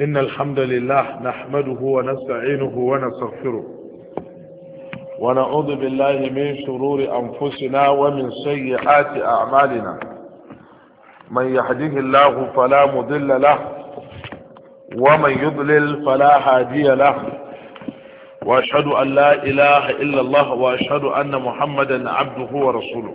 إن الحمد لله نحمده ونستعينه ونستغفره ونعوذ بالله من شرور أنفسنا ومن سيئات أعمالنا من يهده الله فلا مضل له ومن يضلل فلا هادي له وأشهد أن لا إله إلا الله وأشهد أن محمدا عبده ورسوله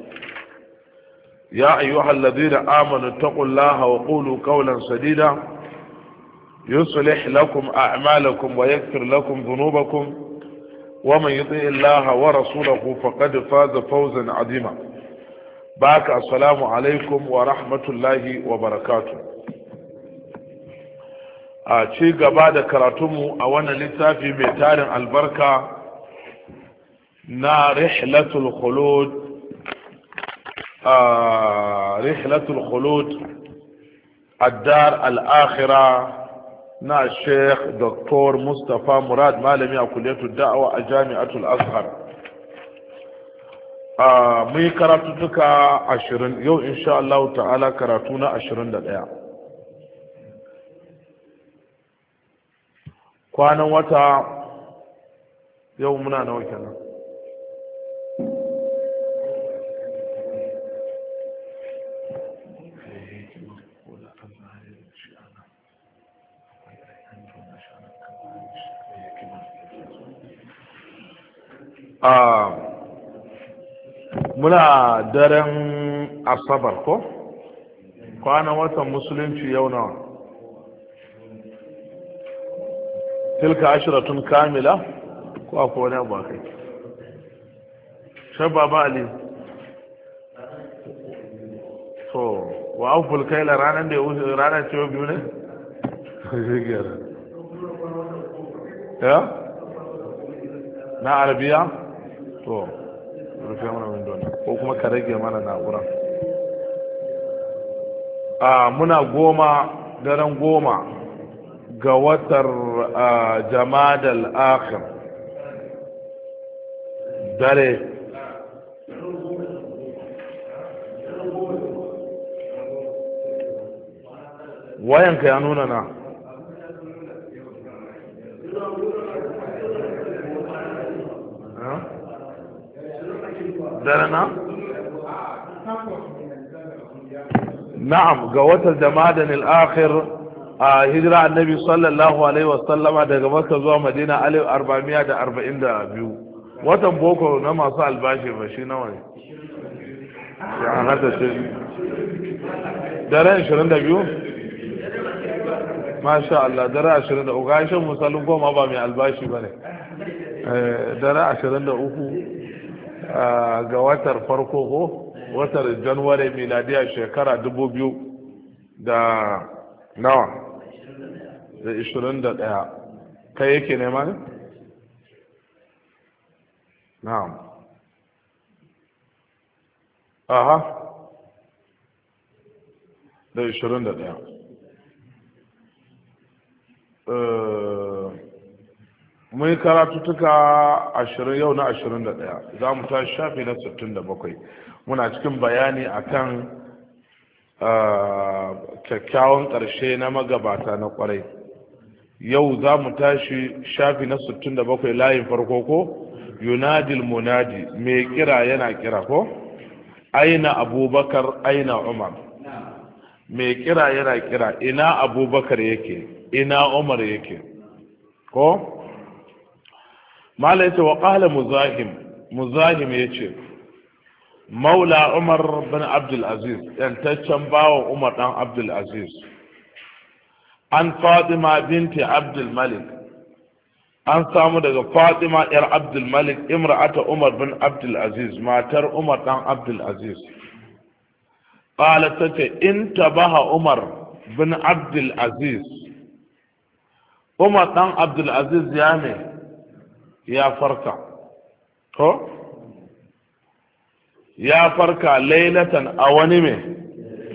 يا أيها الذين آمنوا اتقوا الله وقولوا قولا سديدا يصلح لكم أعمالكم ويغفر لكم ذنوبكم ومن يطيع الله ورسوله فقد فاز فوزا عظيما باك السلام عليكم ورحمة الله وبركاته ci gaba da أتي a wannan littafi mai tarin albarka na rihlatul khulud رحلة الخلود الدار الآخرة نا الشيخ دكتور مصطفى مراد مالمي أكلية الدعوة الجامعة الأزهر مي كراتتك عشرين يو إن شاء الله تعالى karatu عشرين للأيام kwanan wata yau muna na wakilan Ah, muna daren asabar ko kwanan watan musulunci yau nawa tilka ashiratun kamila ko a kone abu a kai shabba ba ali so wa aful kaila ranar da ya wuce ranar ce biyu ne ya na arabiya to rufe mana window ne ko kuma ka rage mana na'ura a muna goma daren goma ga watar jama'adal akhir dare wayanka ya nuna na darana na'am ga watan jama'a al-akhir a hijira annabi sallallahu alaihi wasallama daga makka zuwa madina alif arba'amiya da arba'in da biyu watan boko na masu albashi ba shi nawa ne ya hannata ce daren ashirin da biyu masha Allah daren ashirin da uku ga shan misalin goma ba mai albashi ba ne eh, daren ashirin da uku Ah, ga watar farko ko watar januwari miladiya shekara dubu biyu da nawa da ishirin da ɗaya kai yake nema ne? na'am aha da ishirin da ɗaya eh, mun karatu tuka ashirin yau na ashirin da ɗaya za mu ta shafi na sittin da bakwai muna cikin bayani a kan kyakkyawan ƙarshe na magabata na kwarai yau za mu tashi shafi na sittin da bakwai layin farko ko yunadil munadi mai kira yana kira ko aina abubakar aina umar mai kira yana kira ina abubakar yake ina umar yake ko mala yace wa qala muzahim muzahim yace maula umar bin abdul aziz yantaccen bawa umar dan abdul aziz an fatima binti abdul malik an samu daga fatima yar abdul malik imra'ata umar bin abdul aziz matar umar dan abdul aziz قالت تتي انتبه عمر بن عبد العزيز عمر بن عبد العزيز يعني ya farka ko ya farka lailatan a wani mai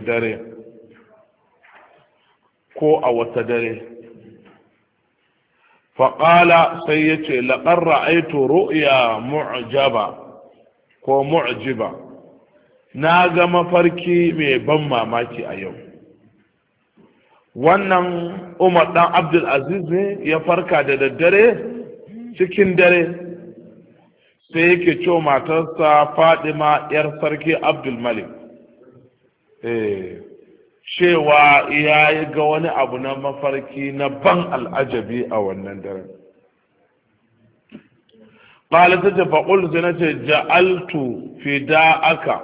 dare ko a wata dare faƙala sai ya ce laƙar ra'aitu ru'ya mu'jaba ko mu'jiba na ga mafarki mai ban mamaki a yau wannan umar dan abdulaziz ne ya farka da daddare cikin dare sai yake ce matarsa fadima yar sarki abdulmalik eh, cewa ya yi ga wani abu na mafarki na ban al'ajabi a wannan daren ƙalata ta faƙul sai na ce ja'altu fida aka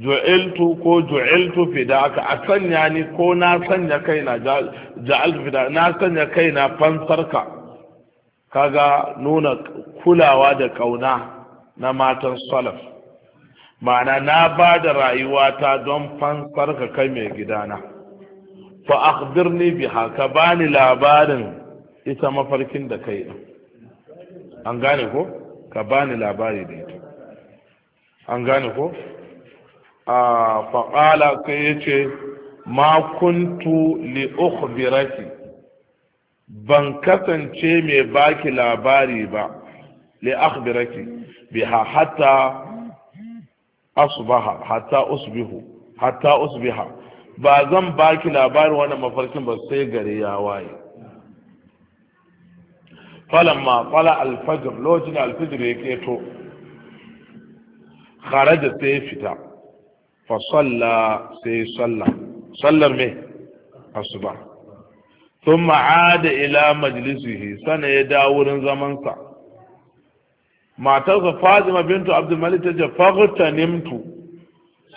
ju'iltu ko ju'iltu fida aka a sanya ni ko na sanya kaina ja'altu fida na sanya kaina fansarka kaga nuna kulawa da kauna na matan salaf ma'ana na ba da rayuwata don fansar ka kai mai gidana fa akhbirni biha ka bani labarin ita mafarkin da kai an gane ko ka bani labari da ita an gane ko a faƙala kai ya ce ma kuntu li ukhbiraki ban kasance mai baki labari ba li akhbiraki biha hatta asbaha hatta usbihu hatta usbiha ba zan baki labarin wannan mafarkin ba sai gare ya waye ma fala alfajr lokacin alfajr ya keto kharaja sai fita fa salla sai salla sallar me asuba sun ma'ada ila majalisuhi sana ya dawo wurin zamansa matarsa fatima bintu abdulmalik ta ce fagta nimtu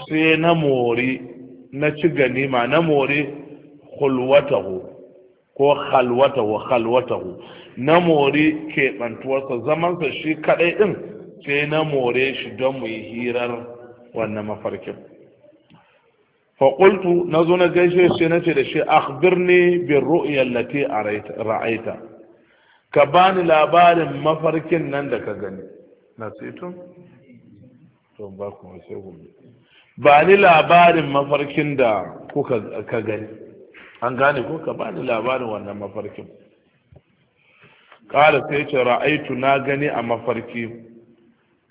sai na mori na ci ganima na mori hulwatahu ko halwatahu halwatahu na mori keɓantuwarsa zamansa shi kaɗai ɗin sai na more shi don mu yi hirar wannan mafarkin faƙultu na zo na gaishe shi nace da shi birni bin ru'yar lati ra'aita ka bani labarin mafarkin nan da ka gani na to ba kuma sai ba ni labarin mafarkin da kuka ka gani an gane ko ka bani labarin wannan mafarkin ƙara sai ce ra'aitu na gani a mafarki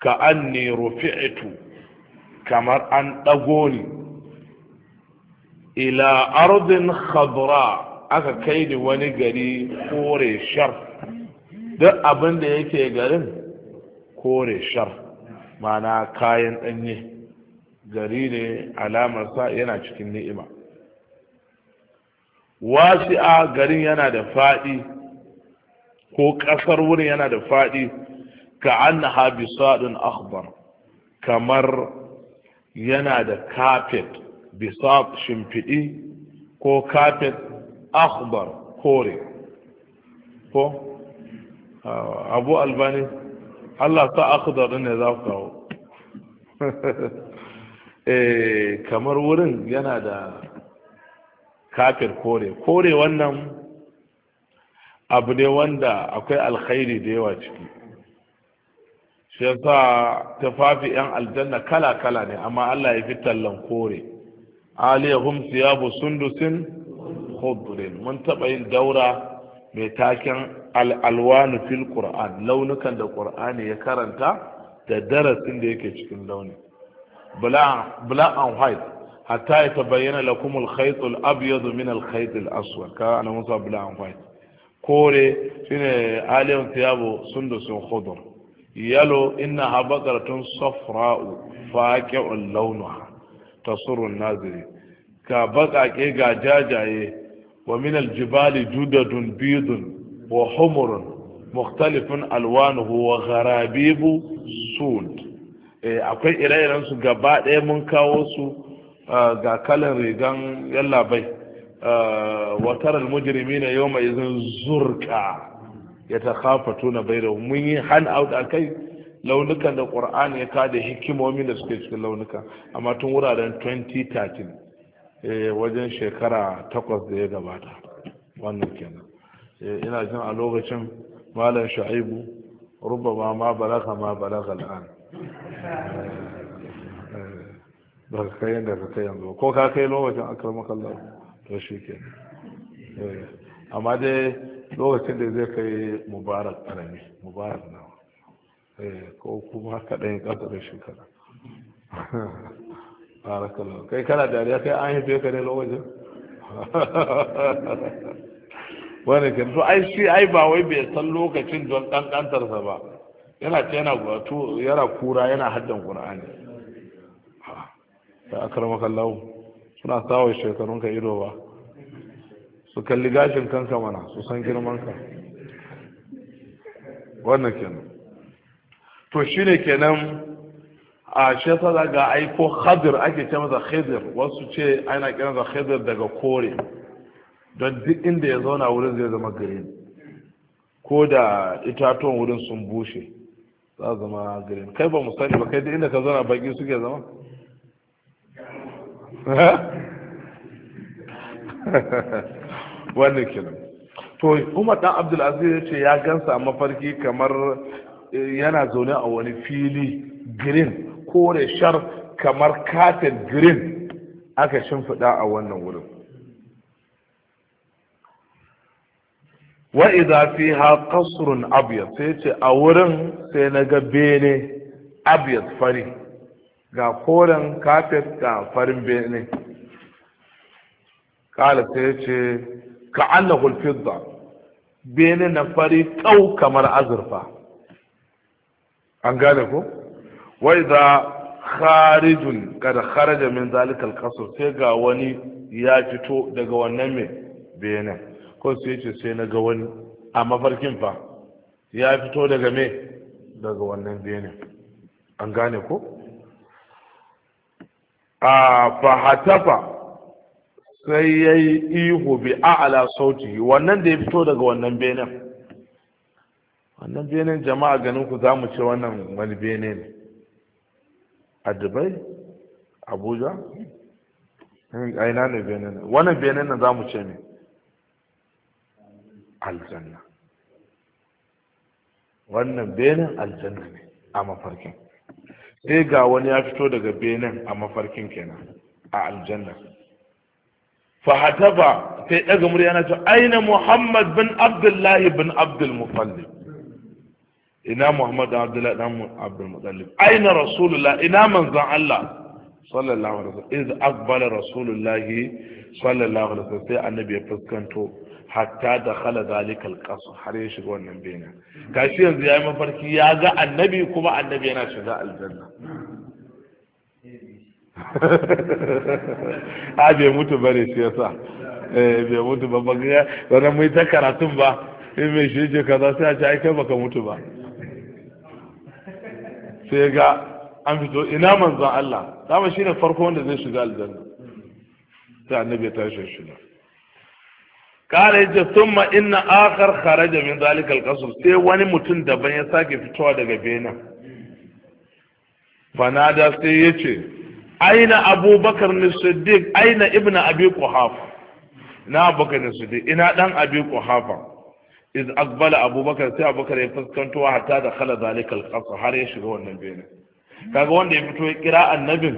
ka an ne kamar an ɗago ila ardin khadra aka kai ni wani gari kore shar duk abin da yake garin kore shar mana kayan ɗanye gari ne alamarsa yana cikin ni'ima wasi'a garin yana da faɗi ko ƙasar wurin yana da faɗi ka an bisadun akhbar kamar yana da kafet bisab shimfiɗi ko kafet akhbar kore ko abu albani allah sa akhbar ne za ku kawo kamar wurin yana da kafir kore kore wannan abu ne wanda akwai alkhairi da yawa ciki shi yasa tafafi yan aljanna kala-kala ne amma Allah ya fi tallan kore aliyahum siyabu sundusin khudrin mun taɓa yin daura mai taken al'alwanu fil qur'an launukan da qur'ani ya karanta da darasin da yake cikin launi black and white hatta ya tabayyana lakum al-khayt al-abyad min al-khayt al-aswad ka ana musa black and white kore shine aliyahum siyabu sundusin khudr yalo innaha baqaratun safra'u faqi'un launuha tasurun naziri ga baƙaƙe ga jajaye wa min aljibali judadun bidun wa humurun mukhtalifun alwanuhu wa gharabibu sud eh, akwai ire-iren su gaba ɗaya mun kawo su ah, ga kalan rigan bai ah, wa taral mujrimina yawma izin zurqa yatakhafatuna da mun yi hand out kai. launukan da ƙur'ani ya kada hikimomi da suke cikin launuka amma tun wuraren 2013 eh, wajen shekara takwas da ya gabata wannan kenan eh, ina jin a lokacin malam sha'ibu rubba ma balaga ma balaga al'an eh, ba ka kai yadda ka kai yanzu ko ka kai lokacin akramakallah to shi ke amma dai lokacin da zai kai mubarak ƙarami mubarak na Eh, ko kuma kaɗan ƙasa da shekara barakallahu kai kana dariya kai an haife ka ne lokacin wani ke so ai shi ai ba wai bai san lokacin don ɗanɗantarsa ba yana ce yana gwato yana kura yana haddan qur'ani ta akramaka Allah suna sawa shekarun ka ido ba su kalli gashin kanka mana su san girman ka wannan kenan to shi ne kenan a shi ga aiko khadir ake ce masa khadir wasu ce ana za khadir daga kore don duk inda ya zauna wurin zai zama gari ko da itatuwan wurin sun bushe za zama gari kai ba mu sani ba kai duk inda ka zauna baki suke zama wannan kenan to umar dan abdulaziz ya ce ya gansa a mafarki kamar yana zaune a wani fili green kore shar kamar katin green aka shimfiɗa a wannan wurin wa idza fiha qasrun abyad sai ce a wurin sai na ga bene abyad fari ga koren kafet ga farin bene kala sai ce ka annahul fidda bene na fari kau kamar azurfa an gane ko wai za kharijun kada kharaja min zalikal qasr sai ga wani ya fito daga wannan mai bayanan ko sai ce sai na ga wani a mafarkin fa ya fito daga me daga wannan bayanan an gane ko a fahatafa sai ya yi ihu bi a'ala sauti wannan da ya fito daga wannan benin wannan benin jama'a ganin ku za mu ce wannan wani bene ne a dubai abuja a ina ne benin wannan benin nan za mu ce ne aljanna wannan benin aljanna ne a mafarkin sai ga wani ya fito daga benin a mafarkin kenan a aljanna fahataba sai daga murya na ce aina muhammad bin abdullahi bin abdul mufallib ina muhammadu abdullahi dan abdulmutallib aina rasulullah ina manzon allah sallallahu alaihi wasallam iz aqbala rasulullah sallallahu alaihi wasallam sai annabi ya fuskanto hatta da khala zalika alqasr har ya shiga wannan bena kashi yanzu yayi mafarki ya ga annabi kuma annabi yana shiga aljanna a bai mutu bane shi yasa eh bai mutu ba ba ga wannan mai ta karatun ba in mai shi ce kaza sai a ce ai kai baka mutu ba sai ga an fito ina manzon Allah dama shine farko wanda zai shiga aljanna sai annabi ya tashi ne. kala yace thumma inna akhar kharaja min zalikal qasr sai wani mutum daban ya sake fitowa daga bena fanada sai yace aina abubakar ibn siddiq aina ibnu abi quhafa na abubakar ibn siddiq ina dan abi quhafa iz aqbala abubakar sai abubakar ya fuskanto hatta da khala zalikal alqasr har ya shiga wannan bene kaga wanda ya fito ya kira annabin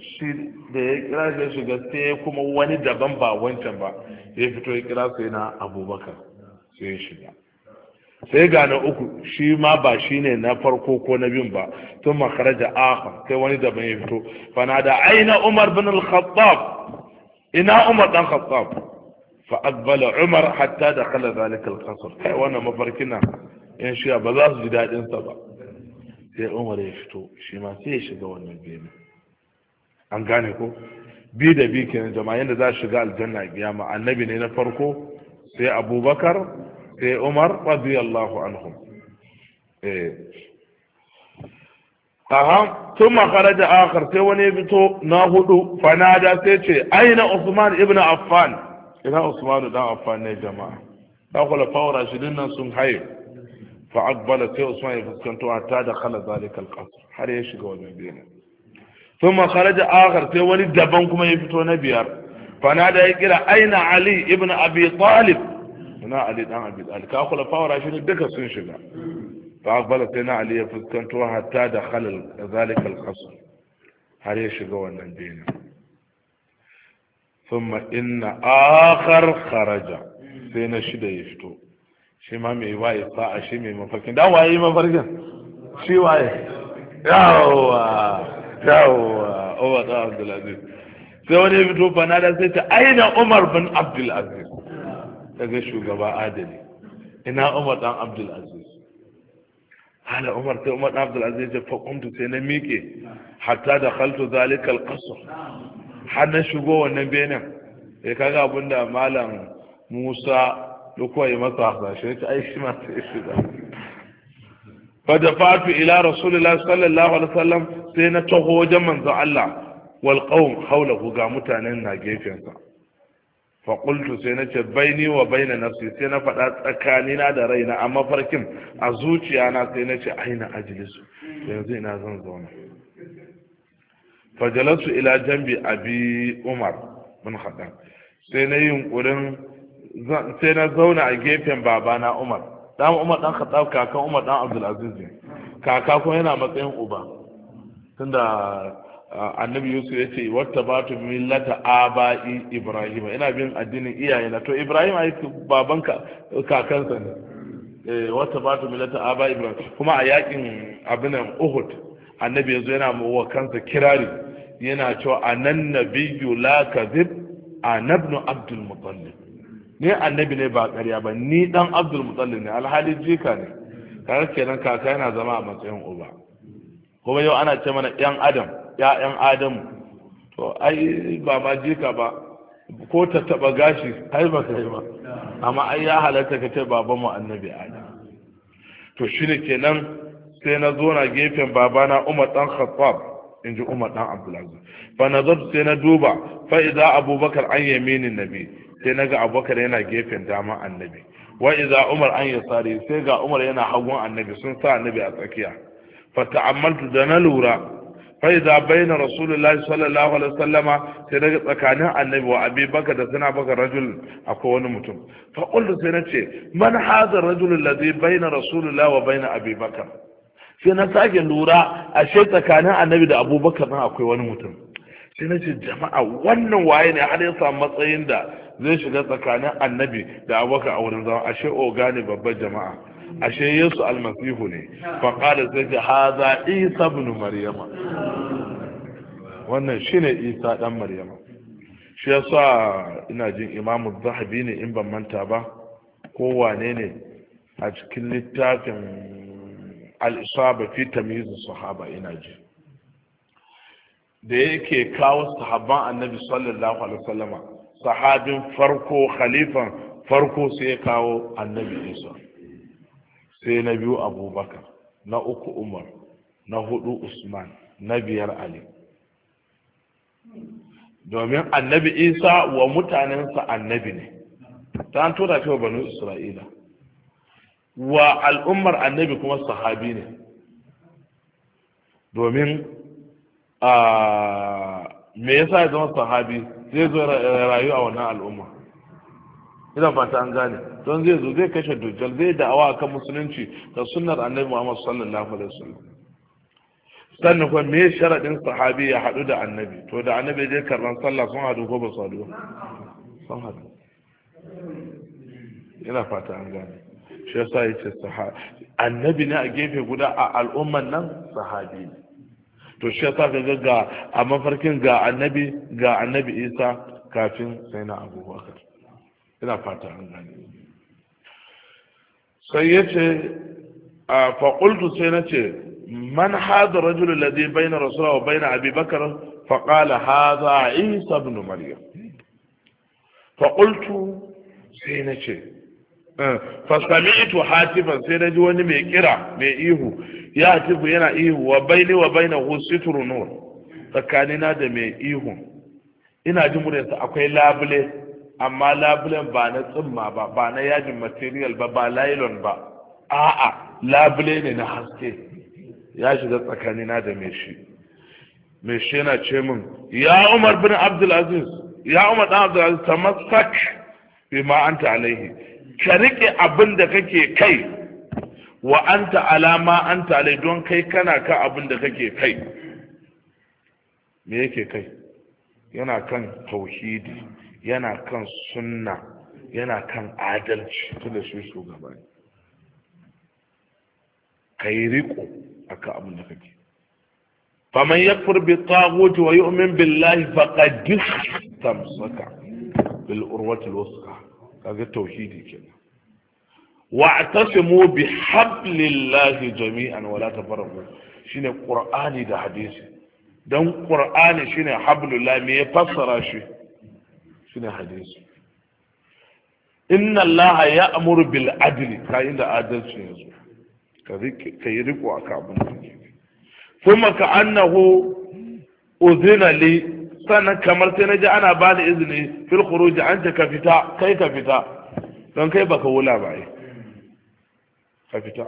shi da ya kira shi shiga sai kuma wani daban ba wancan ba ya fito ya kira sai na abubakar sai ya shiga sai ga na uku shi ma ba shi ne na farko ko na biyun ba sun da akhar sai wani daban ya fito fana da aina umar bin al-khattab ina umar dan khattab fa aqbala umar hatta da zalika al-qasr kai wannan mafarkin nan yan shiya ba za su ji daɗinsa ba sai umar ya fito shi ma sai ya shiga wannan bene an gane ko bi da bi kenan jama'a yadda za shiga aljanna ma. annabi ne na farko sai abubakar sai umar radiyallahu anhum eh aha sun makara da akar sai wani ya fito na hudu fanada sai ce aina usman ibn affan ina usmanu dan amfani ne jama'a dan kula fawara shi nan sun haye fa aqbala sai usman ya fuskanto hatta da khala zalikal qasr har ya shiga wannan bene thumma kharaja akhar sai wani daban kuma ya fito na biyar fana da ya kira aina ali ibn abi talib ina ali dan abi talib ka kula fawara shi duka sun shiga fa aqbala sai na ali ya fuskanto hatta da khala zalikal qasr har ya shiga wannan bene ثم إن آخر خرج سين شدة يفتو شي ما مي واي فا شي مي مفكين دا واي ما فرجن شي واي ياو ياو هو دا عبد العزيز سوني يفتو بنا دا سيت أين عمر بن عبد العزيز تجي شو جبا عادلي إن عمر دا عبد العزيز على عمر تي عمر عبد العزيز فقمت سين ميكي حتى دخلت ذلك القصر har na shigo wannan benin sai kaga abin da malam musa lokuwa yi masa hasashe ta ai shi ma da fatu ila rasulullah sallallahu alaihi wasallam sai na taho wajen manzon Allah wal haula hawlahu ga mutanen na gefensa fa sai na ce baini wa baina nafsi sai na faɗa tsakanina da raina amma farkin a zuciya na sai na ce aina ajlisu yanzu ina zan zauna fajalasu ila jambi abi umar bin khattab sai na yunkurin sai na zauna a gefen babana umar dan umar dan khattab kakan umar dan abdul ne kaka kuma yana matsayin uba tunda annabi yusuf ya ce wata ba tu millata aba'i ibrahim ina bin addinin iyayena to ibrahim ai babanka kakansa ne eh, wata ba tu millata aba'i ibrahim kuma a yakin abinan uhud annabi yanzu yana wa kansa kirari yana cewa anan nabiyyu la kadhib anabnu abdul muttalib ne annabi ne ba ƙarya ba ni dan abdul muttalib ne alhali jika ne kaga kenan kaka yana zama a matsayin uba kuma yau ana ce mana yan adam ya'yan adam to ai ba ma jika ba ko ta taba gashi ai ba kai ba amma ai ya halatta ka ce babanmu annabi adam to shine kenan sai na zo na gefen babana umar dan khattab in ji umar dan abdulaziz fa nazartu sai na duba fa idza abubakar an yaminin nabi sai naga abubakar yana gefen dama annabi wa idza umar an yasari sai ga umar yana hagun annabi sun sa annabi a tsakiya fa ta'ammaltu da na lura fa idza baina rasulullahi sallallahu alaihi wasallama sai naga tsakanin annabi wa abubakar da suna bakar rajul akwai wani mutum fa qultu sai nace man hadha rajul alladhi baina rasulullahi wa baina abubakar sai na sake lura ashe tsakanin annabi da abubakar nan akwai wani mutum sai na ce jama'a wannan waye ne har ya samu matsayin da zai shiga tsakanin annabi da abubakar a wurin zama ashe oga ne babban jama'a ashe yesu almasihu ne faƙada sai ce haza isa ibn maryama wannan shine isa ɗan maryama shi sa ina jin imamu zahabi ne in ban manta ba ko wane ne a cikin littafin al-isaba fi tamyiz sahaba ina ji da yake kawo sahaban annabi sallallahu alaihi wasallama sahabin farko khalifan farko sai ya kawo annabi isa sai na biyu abubakar na uku umar na hudu usman na biyar ali domin annabi isa wa mutanensa annabi ne ta an tura wa banu isra'ila wa al'ummar annabi kuma sahabi ne domin me yasa ya zama sahabi zai zo rayu a wannan al'umma ina fata an gane don zai zo zai kashe dujjal zai da'awa kan musulunci da sunnar annabi muhammad sallallahu alaihi wasallam sannan kuma me sharadin sahabi ya haɗu da annabi to da annabi zai karban sallah sun haɗu ko ba su haɗu sun haɗu ina fata an gane shi yasa yace sahabi annabi ne a gefe guda a al'umman nan sahabi ne to shi yasa ka ga a mafarkin ga annabi ga annabi isa kafin sai na abubakar ina fata an gane sai ce a faƙultu sai na ce man hada rajulu ladi bayna rasulullah wa bayna abubakar faƙala fa qala hadha isa ibn maryam faƙultu sai na ce Eh, fasami'tu hatiban sai na ji wani mai kira mai ihu ya hatibu yana ihu wa baini wa bainahu sitru nur tsakanina da mai ihu ina jin muryarsa akwai labule amma labulen ba na tsimma ba ba na yajin material ba ba nylon ba a'a labule ne na haske ya shiga tsakanina da mai shi mai shi yana ce min ya umar bin abdulaziz ya umar dan abdulaziz tamassak bima anta alaihi ka riƙe abin da kake kai wa anta alama anta alai don kai kana ka abin da kake kai me yake kai yana kan tauhidi yana kan sunna yana kan adalci tunda shi shugaba ne kai riko ka abin da kake faman yakfur bi taghut wa yu'min billahi faqad tamsaka bil urwati al kaga tauhidi kenan wa'tasimu bi hablillahi jami'an wala tafarraqu shine qur'ani da hadisi dan qur'ani shine hablullah me ya fassara shi shine hadisi inna laha ya'muru bil adli ka inda adalci yanzu ka yi riko akan abin da kake kuma ka annahu udhina sannan kamar sai na ji ana ba da izini fil khuruji an ka fita kai ka fita don kai baka wula ba yi ka fita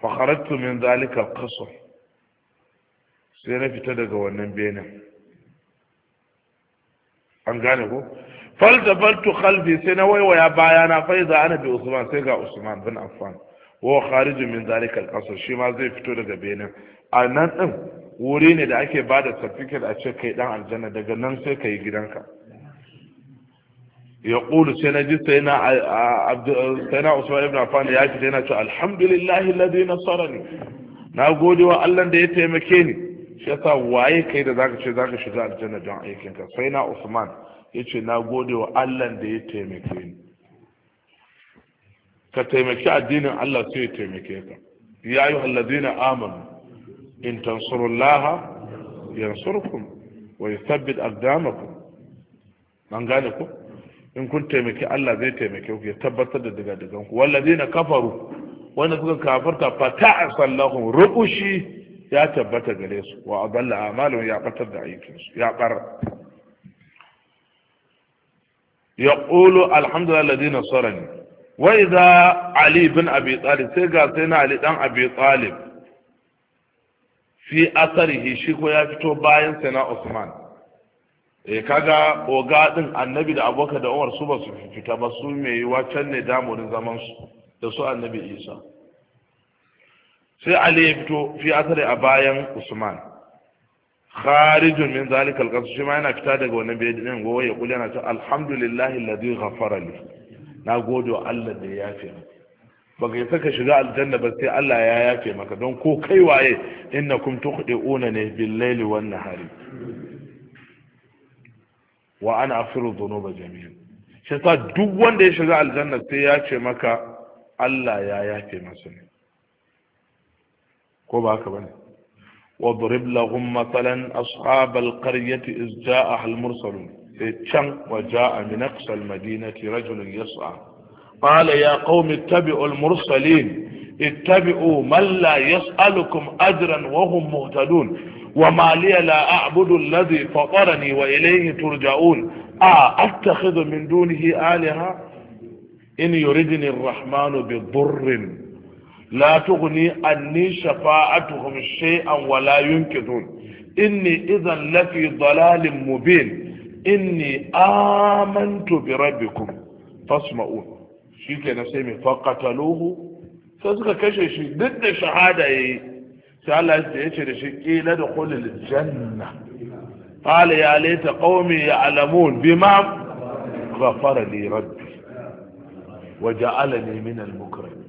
fa min zalika qasr sai na fita daga wannan benin an gane ko faltafaltu khalfi sai na waiwaya bayana faiza ana bi usman sai ga usman bin affan wa kharijun min zalika al shi ma zai fito daga benin a nan din wuri ne da ake ba da certificate a ce kai dan aljanna daga nan sai ka yi gidanka ya ƙulu sai na ji sai na usman ibn affan ya sai yana ce alhamdulillahi ladai nasarani na gode wa allah da ya taimake ni shi yasa waye kai da zaka ce zaka shiga aljanna don aikinka sai na usman ya ce na gode wa allah da ya taimake ni ka taimaki addinin allah sai ya taimake ka ya yi halladina amanu in tansurullaha yansurkum wa yuthabbit aqdamakum an gane ku in kun taimaki Allah zai taimake ku ya tabbatar da daga dagan ku wallazina kafaru wanda suka kafarta fa ta'asallahu rubushi ya tabbata gare su wa adalla amalu ya batar da aikin su ya bar yaqulu alhamdulillahi alladhi nasarani wa idha ali bin abi talib sai ga sai na ali dan abi talib fi asarihi shi ko ya fito bayan sana Usman e kaga oga din annabi da aboka da Umar su ba su fita ba su mai wacan ne damurin zaman su da su annabi Isa sai Ali ya fito fi asari a bayan Usman kharijun min zalika alqas shi ma yana fita daga wannan bai din gowa ya ta alhamdulillahi alladhi ghafara li na gode wa Allah da ya baka yi saka shiga aljanna ba sai Allah ya yafe maka don ko kai waye innakum tukhdi'una ne bil laili wan nahari wa ana afiru dhunuba jami'an shi sa duk wanda ya shiga aljanna sai ya ce maka Allah ya yafe masa ne ko ba haka bane واضرب لهم مثلا أصحاب القرية إذ جاءها المرسلون إيه كان وجاء من أقصى المدينة رجل يسعى قال يا قوم اتبعوا المرسلين اتبعوا من لا يسألكم أجرا وهم مهتدون وما لي لا أعبد الذي فطرني وإليه ترجعون آه، أتخذ من دونه آلهة إن يردني الرحمن بضر لا تغني عني شفاعتهم شيئا ولا ينكثون إني إذا لفي ضلال مبين إني آمنت بربكم فاسمعوني shi ke na sai mai faƙataluhu sai suka kashe shi duk da shahada ya yi sai Allah ya ce da shi ƙila da kulil janna qala ya laita qaumi ya'lamun bima ghafara li rabbi wa ja'alani min al mukrim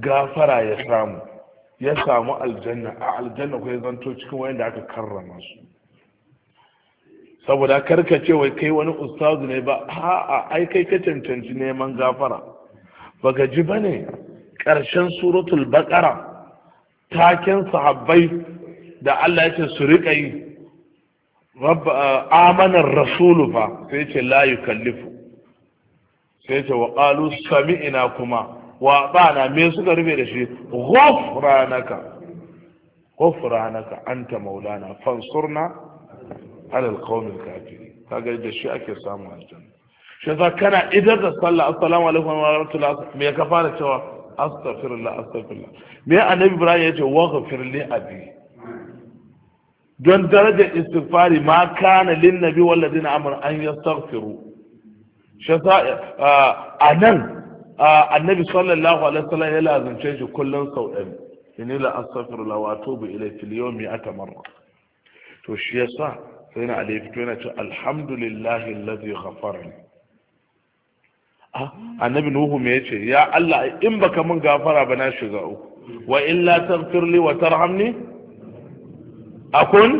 gafara ya samu ya samu aljanna a aljanna ko ya zanto cikin wanda aka karrama su saboda ce wai kai wani ustazu ne ba a'a ai kai ka cancanci neman gafara Ba ga ji ba ne ƙarshen suratul baƙara taken sahabbai da Allah yake su riƙa yi amanar rasulu fa sai ce layu kallifu sai ce wa sami ina kuma wa bana me suka rufe da shi ghufranaka ghufranaka anta maulana fansurna على القوم الكافرين فقال إذا شئك يسامو الجنة شذا كان إذا تصلى السلام عليكم ورحمة الله ميا كفارة شوى أستغفر الله أستغفر الله ميا النبي إبراهيم يجي واغفر لي أبي دون درجة استغفاري ما كان للنبي والذين أمر أن يستغفروا شذا آه أنا آه النبي صلى الله عليه وسلم يلا لازم تشجي كل سوء إني لا أستغفر الله وأتوب إليه في اليوم مئة مرة تو شيسا sai na ali fito yana ce alhamdulillahi allazi ghafarani annabi nuhu me yace ya Allah in baka mun gafara ba na shiga uku wa illa taghfir li wa tarhamni akun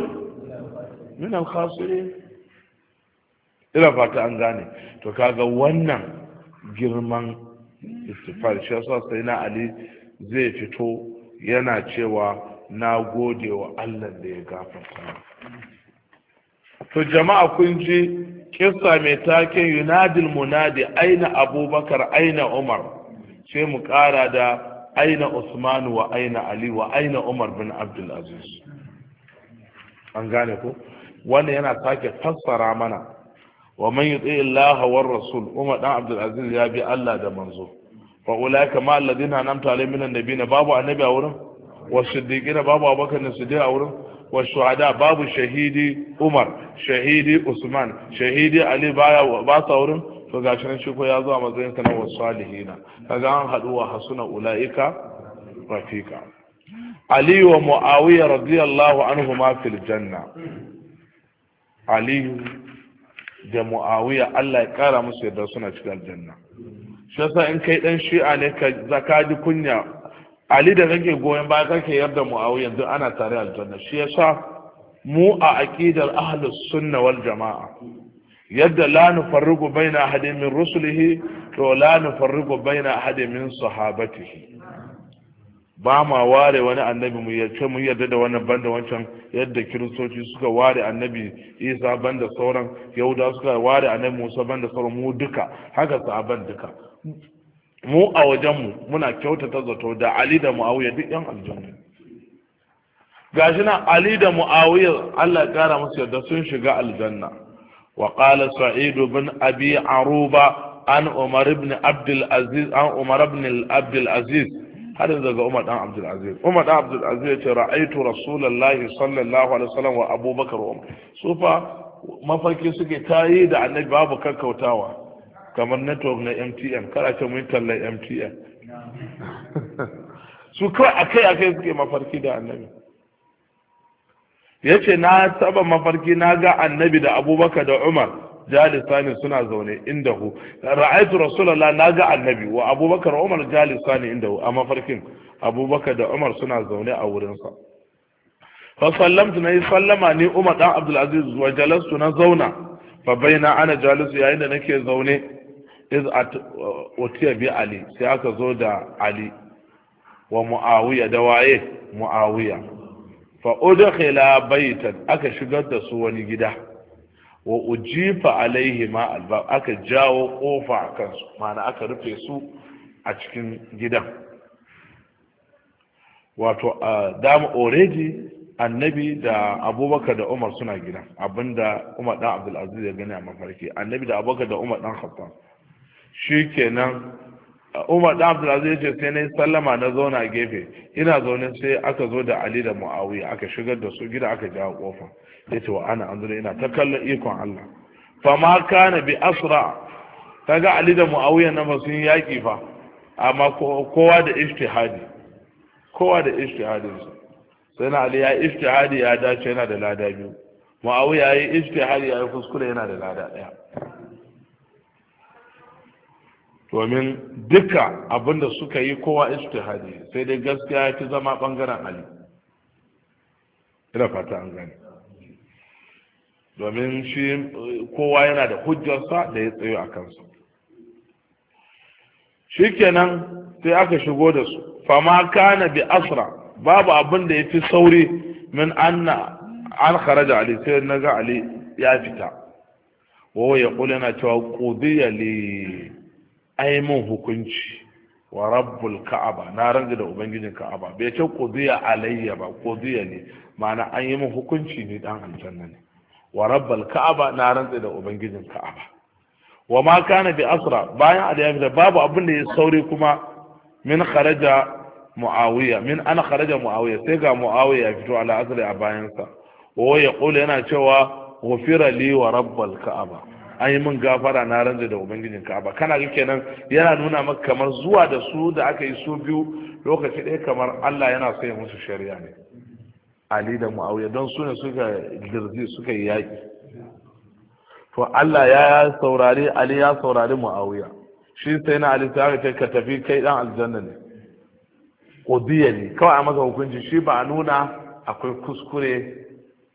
min al ina fata an gane to kaga wannan girman istighfar shi yasa sai na ali zai fito yana cewa na gode wa Allah da ya gafarta to jama'a kun ji kissa mai taken yunadil munadi aina abubakar aina umar sai mu kara da aina usman wa aina ali wa aina umar bin abdul aziz an gane ko wannan yana sake fassara mana wa man yuti Allah wa rasul umar dan abdul aziz ya bi Allah da manzo fa ulaika ma alladina namta alaihim minan nabiyina babu annabi a wurin wa siddiqina babu abubakar ne siddiq a wurin والشهداء باب الشهيد عمر شهيد عثمان شهيد علي بايا باسا ورن to gashi na shi ko ya zo a matsayin sa na wasalihina kaga an hadu wa hasuna ulaika rafika ali wa muawiya radiyallahu anhuma fil janna ali da muawiya Allah ya kara musu yadda suna cikin aljanna shi yasa in kai ɗan shi'a ne ka ji kunya ali da kake goyon baya kake yarda muawiya yanzu ana tare aljanna shi yasa mu a aqidar ahlus sunna wal jamaa yadda la nufarriqu baina ahadin min rusulihi to la nufarriqu baina ahadin min sahabatihi ba ma ware wani annabi mu yace mu yarda da wannan banda wancan yadda kiristoci suka ware annabi isa banda sauran yahuda suka ware annabi musa banda sauran mu duka haka sahaban duka mu a wajenmu muna kyautata zato da ali da muawiya duk yan aljanna gashi na ali da muawiya Allah ya kara musu yadda sun shiga aljanna wa qala sa'id ibn abi aruba an umar ibn abd aziz an umar ibn abd aziz har daga umar dan abd aziz umar dan abd aziz ya ce ra'aytu rasulullahi sallallahu alaihi wasallam wa abubakar wa umar sufa mafarki suke tayi da annabi babu kakkautawa kamar network na mtn kar a ce mun tallan mtn su kawai akai akai suke mafarki da annabi ya ce na taba mafarki na ga annabi da abubakar da umar jalisani suna zaune inda hu ra'aitu rasulullah na ga annabi wa abubakar umar jalisani inda hu a mafarkin abubakar da umar suna zaune a wurinsa fa sallamtu na yi sallama ni umar dan abdulaziz wa jalastu na zauna fa baina ana jalisu yayin da nake zaune iz otiya bi ali sai aka zo da ali wa muawiya da waye muawiya fa udkhila baytan aka shigar da su wani gida wa ujifa alaihi ma albab aka jawo kofa a kansu mana aka rufe su a cikin gidan wato dama already annabi da abubakar da umar suna gidan abinda umar dan abdulaziz ya gani a mafarki annabi da abubakar da umar dan khattab shi kenan umar da abdulaziz ya ce sai na sallama na zauna a gefe ina zaune sai aka zo da ali da muawiya aka shigar da su gida aka jawo kofa ya ce wa ana an ina ta kallon ikon allah fa ma kana bi asra kaga ali da muawiya na ba sun yaki fa amma kowa da ijtihadi kowa da ijtihadin sai na ali ya ijtihadi ya dace yana da lada biyu muawiya ya yi ijtihadi ya yi kuskure yana da lada ɗaya. domin duka abinda suka yi kowa istihadi sai dai gaskiya ya fi zama bangaren ali ina fata an gani, domin shi kowa yana da hujjarsa da ya tsayo a kansa kenan sai aka shigo da su fama kana bi asra babu abin da ya fi sauri min anna an kharaja ali sai na ga ali ya fita wawai ya kula yana cewa kudiyali ai min hukunci wa rabbul ka'aba na ranga da ubangijin ka'aba bai ce qudiya alayya ba qudiya ne ma'ana an yi min hukunci ne dan aljanna ne wa rabbul ka'aba na ranga da ubangijin ka'aba wa ma kana bi asra bayan adiyami da babu abin da ya saure kuma min kharaja muawiya min ana kharaja muawiya sai ga muawiya ya fito ala asri a bayansa wa ya qulu yana cewa ghufira li wa rabbul ka'aba an yi min gafara na ranzu da ubangijin ka'aba kana ga kenan yana nuna maka kamar zuwa da su da aka yi su biyu lokaci ɗaya kamar Allah yana so ya musu shari'a ne Ali da Muawiya don su ne suka girzi suka yi yaƙi to Allah ya saurari Ali ya saurari Muawiya shi sai na Ali sai aka ka tafi kai dan aljanna ne ƙudiyya ne kawai a masa hukunci shi ba a nuna akwai kuskure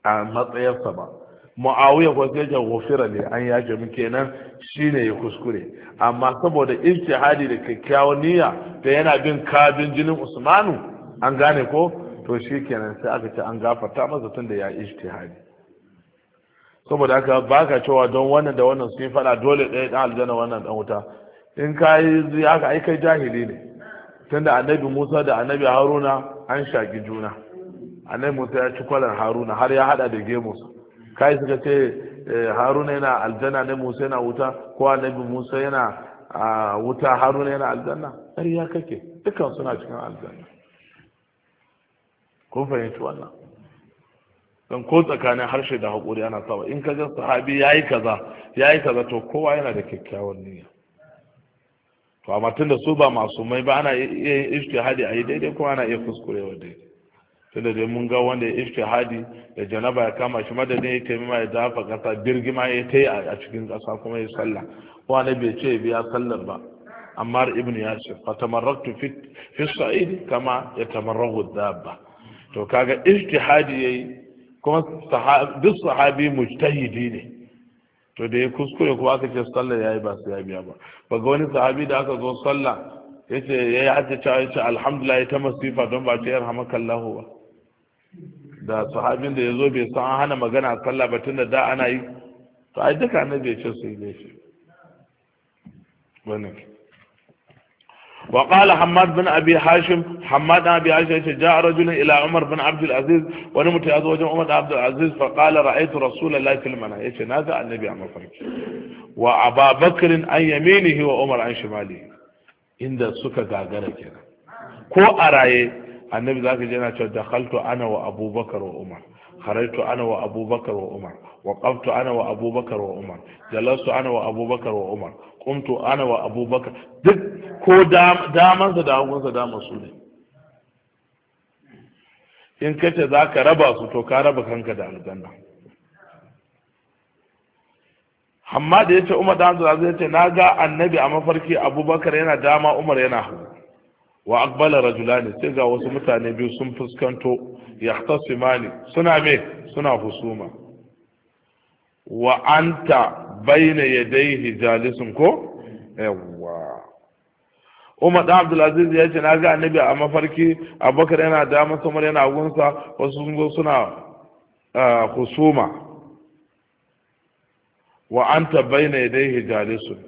a matsayarsa ba muawiya ko sai ya gofira ne an yafe mu kenan shine ya kuskure amma saboda ijtihadi da kyakkyawan niyya da yana bin kabin jinin usmanu an gane ko to shi kenan sai aka ce an gafarta masa tunda ya ijtihadi saboda haka baka cewa don wannan da wannan sun fada dole ɗaya dan aljanna wannan dan wuta in ka yi haka ai kai jahili ne tunda annabi Musa da annabi Haruna an shaki juna annabi Musa ya ci kwalar Haruna har ya haɗa da gemusa kai suka ce eh, haruna yana aljanna ne musa yana wuta ko annabi musa yana wuta haruna yana aljanna ƙarya kake dukkan suna cikin aljanna kun fahimci wannan don ko tsakanin harshe da haƙuri ana sawa in ka ga sahabi ya yi kaza ya yi kaza to kowa yana da kyakkyawan niyya to amma tunda su ba masu mai ba ana iya ishtihadi a yi daidai ko ana iya kuskurewa daidai tunda dai mun ga wanda ya hadi da janaba ya kama shi madadin ya taimima ya dafa kasa birgima ya ta yi a cikin kasa kuma ya sallah ko annabi ya ce biya sallar ba ammar ibn yasir fa tamarraktu fi fi sa'id kama ya tamarrahu dabba to kaga ijtihadi yayi kuma duk sahabi mujtahidi ne to da ya kuskure kuma aka ce sallah yayi ba sai ya biya ba ba ga wani sahabi da aka zo sallah yace yayi hajjace alhamdulillah ta masifa don ba ta yarhamakallahu ba da sahabin da ya zo bai san hana magana sallah ba tun da da ana yi to ai duka na bai ce sai yi ne shi wani wa qala hammad bin abi hashim Hamad bin abi hashim ce ja'a rajulun ila umar bin abdul aziz wani mutum ya zo wajen umar abdul aziz fa qala ra'aytu rasulullahi fil mana yace na ga annabi a mafarki wa ababakr an yaminihi wa umar an shimalihi inda suka gagara kenan ko a raye annabi zaka ji yana cewa dakhaltu ana wa abubakar wa umar kharaitu ana wa abubakar wa umar waqaftu ana wa abubakar wa umar jalastu ana wa abubakar wa umar qumtu ana wa abubakar duk ko damansa da hagunsa dama su ne in ka ce za raba su to ka raba kanka da aljanna amma da ya ce umar da zai ce na ga annabi a mafarki abubakar yana dama umar yana hagu wa aqbala rajulani sai ga wasu mutane biyu sun fuskanto yahtasimani suna me suna husuma wa anta bayna yadayhi jalisun ko yawwa Umar da Abdulaziz ya ce na ga annabi a mafarki Abubakar yana da masamar yana gunsa wasu sun suna husuma wa anta bayna yadayhi jalisun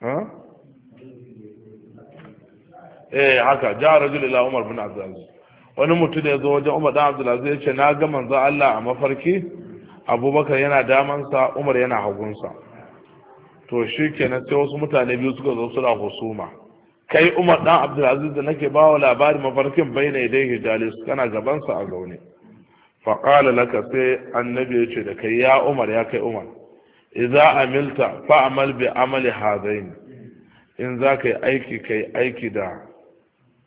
ha eh haka ja rajul ila umar bin abdulaziz wani mutum ya zo wajen umar dan abdulaziz ya ce na ga manzo Allah a mafarki abubakar yana damansa umar yana hagunsa to shi kenan sai wasu mutane biyu suka zo suna husuma kai umar dan abdulaziz da nake ba wa labarin mafarkin bai ne dai hijalis kana gabansa a zaune qala laka sai annabi ya ce da kai ya umar ya kai umar idza amilta fa'amal bi amali hadain in za ka yi aiki kai aiki da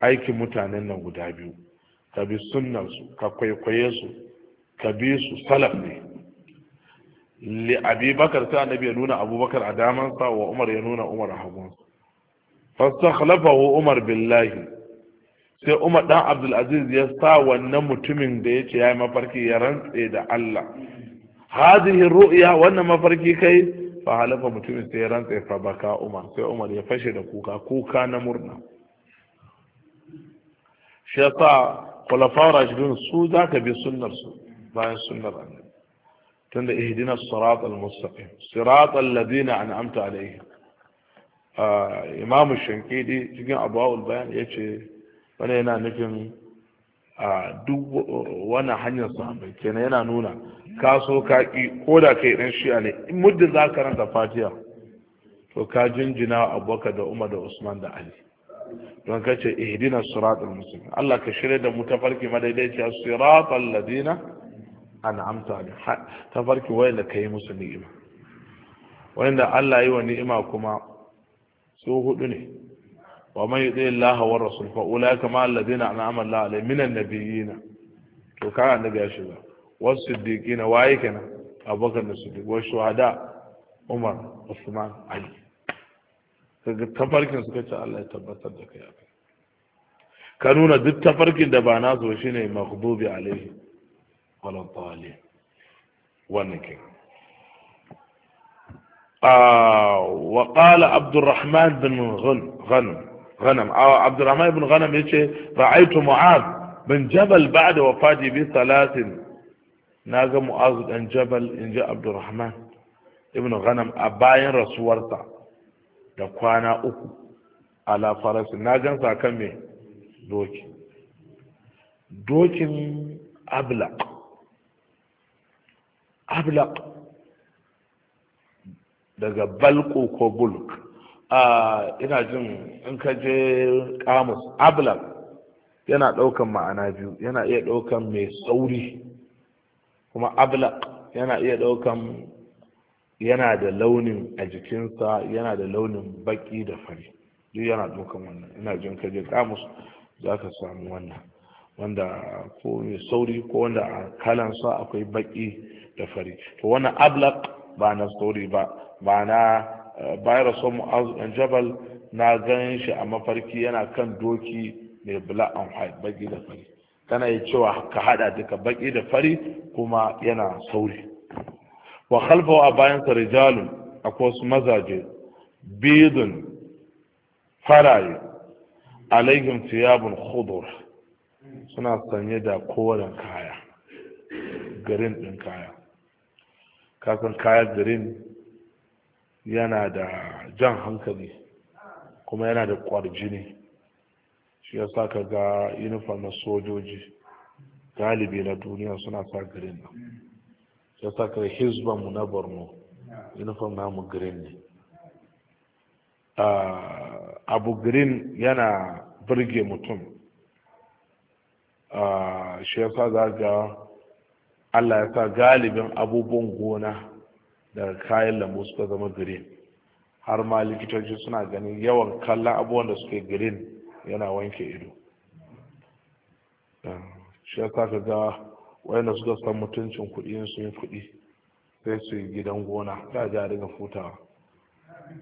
aikin mutanen nan guda biyu ka bi sunansu, ka kwaikwaye su ka bi su salaf ne li abi bakar ta annabi ya nuna abubakar a damansa wa umar ya nuna umar a hagunsa fastakhlafahu umar billahi sai umar dan abdulaziz ya sa wannan mutumin da ya ce ya yi mafarki ya rantse da allah hadhihi ru'ya wannan mafarki kai fa halafa mutumin sai ya rantse fa baka umar sai umar ya fashe da kuka kuka na murna shi yasa kwalafawar ashirin su za ka bi sunnar su bayan sunnar annabi tunda ihdina sirat al-mustaqim sirat alladhina an'amta alaihim imamu shankidi cikin abawul bayan yace wani yana nufin duk wani hanyar sahabai kenan yana nuna ka so ka ki ko da kai dan shi'a ne muddin za ka ranta fatiha to ka jinjina abubakar da umar da usman da ali don ka ce ihdina siratal mustaqim Allah ka shirya da mu tafarki madaidaici siratal ladina an'amta alaihim tafarki ka kai musu ni'ima Wanda Allah yi wa ni'ima kuma su hudu ne wa man yuti Allah wa rasul fa ulaika ma alladina an'ama Allah alaihim minan nabiyina to ka annabi ya shiga wasu siddiqina waye kenan abokan da siddiq wa shuhada umar usman ali daga tafarkin suka ce Allah ya tabbatar da kai akai ka nuna duk tafarkin da ba na zo shine maghdubi alaihi wannan kin وقال عبد الرحمن بن غنم غنم أو عبد الرحمن بن غنم يقول رأيت معاذ بن جبل بعد وفاته بثلاث ناقة معاذ بن جبل إن جاء عبد الرحمن ابن غنم أباين الله da kwana uku ala farasin na gansa kan me doki dokin ablaq ablaq daga balko ko bulk a ina jin in ka je kamus ablaq yana ɗaukan ma'ana biyu yana iya ɗaukan mai sauri kuma ablaq yana iya ɗaukan yana da launin a jikinsa yana da launin baki da fari duk yana dukan wannan ina jin ka je, kamus za ka samu wannan wanda ko mai sauri ko wanda a kalansa akwai baki da fari to wannan ablak ba na sauri ba ba na bayar eh, so mu'az jabal na ganin shi a mafarki yana kan doki mai black and white baki da fari kana yi cewa ka hada duka baki da fari kuma yana sauri wa khalfahu bayan bayansa rijalun akwai wasu mazaje bidun faraye alaihim thiyabun khudur suna sanye da koren kaya garin din kaya kasan kaya garin yana da jan hankali kuma yana da kwarjini shi ya sa ka ga yunifar na sojoji galibi na duniya suna sa garin nan ya sa kai hizban mu na borno uniform namu green ne ah, abu green yana birge mutum ah, shi ya sa za ga allah ya sa galibin abubuwan gona daga kayan lambu suka zama green har ma likitoci suna ganin yawan kallon abubuwan da suke green yana wanke ido ah, shi ya sa ka ga wayanda suka san mutuncin kuɗi sun yi kuɗi sai su yi gidan gona ta ji daga futawa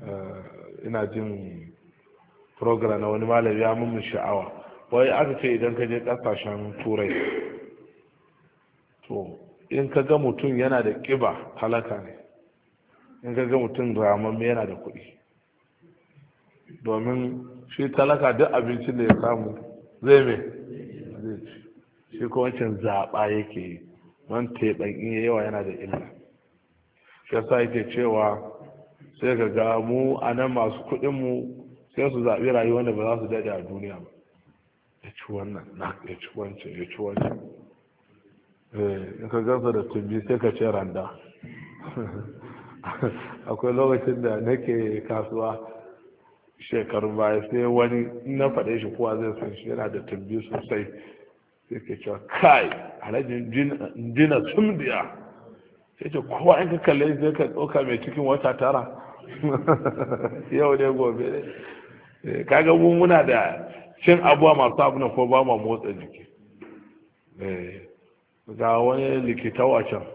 eh, ina jin program na wani malami ya mun sha'awa wai aka ce idan ka je kasashen turai to in ka ga mutum yana da kiba talaka ne in ka ga mutum ramamme yana da kuɗi domin shi talaka duk abincin da ya samu zai mai shi ko wancan zaɓa yake yi man teɓan in yawa yana da illa shi yasa yake cewa sai ka ga mu a nan masu kuɗin mu sai su zaɓi rayuwar da ba za su daɗe a duniya ba ya ci wannan na ya ci wancan ya ci wancan eh, in ka gansa da tumbi sai ka ce randa akwai lokacin da nake kasuwa shekarun baya sai wani na faɗe shi kowa zai san shi yana da tumbi sosai sai ke cewa kai alhaji jina sun biya sai ce kowa in ka kalle zai ka tsoka mai cikin wata tara yau ne gobe ne eh, kaga mu muna da cin abuwa masu abu ko ba ma motsa jiki eh, ga wani likita wacan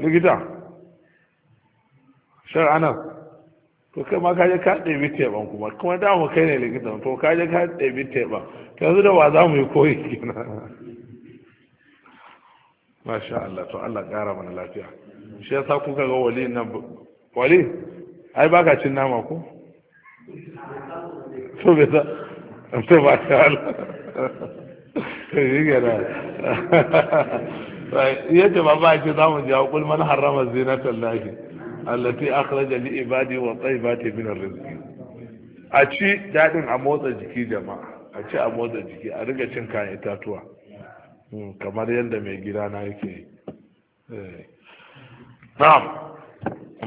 likita shek anas to kai ma ka je ka ɗebi teɓan kuma kuma da mu kai ne likitan to ka je ka ɗebi teɓan yanzu da wa za mu yi koyi kenan masha Allah to Allah ƙara mana lafiya shi yasa kuka ga wali na wali ai ba ka cin nama ko to bai za to ba ka Allah yace ba ba ce za mu ji haƙul man harrama zinatan lafiya allati akhraja li ibadi wa tayyibati min arziki a ci dadin a motsa jiki jama'a a ci a motsa jiki a riga cin kayan itatuwa hmm, kamar yadda mai gida na yake yi eh. na'am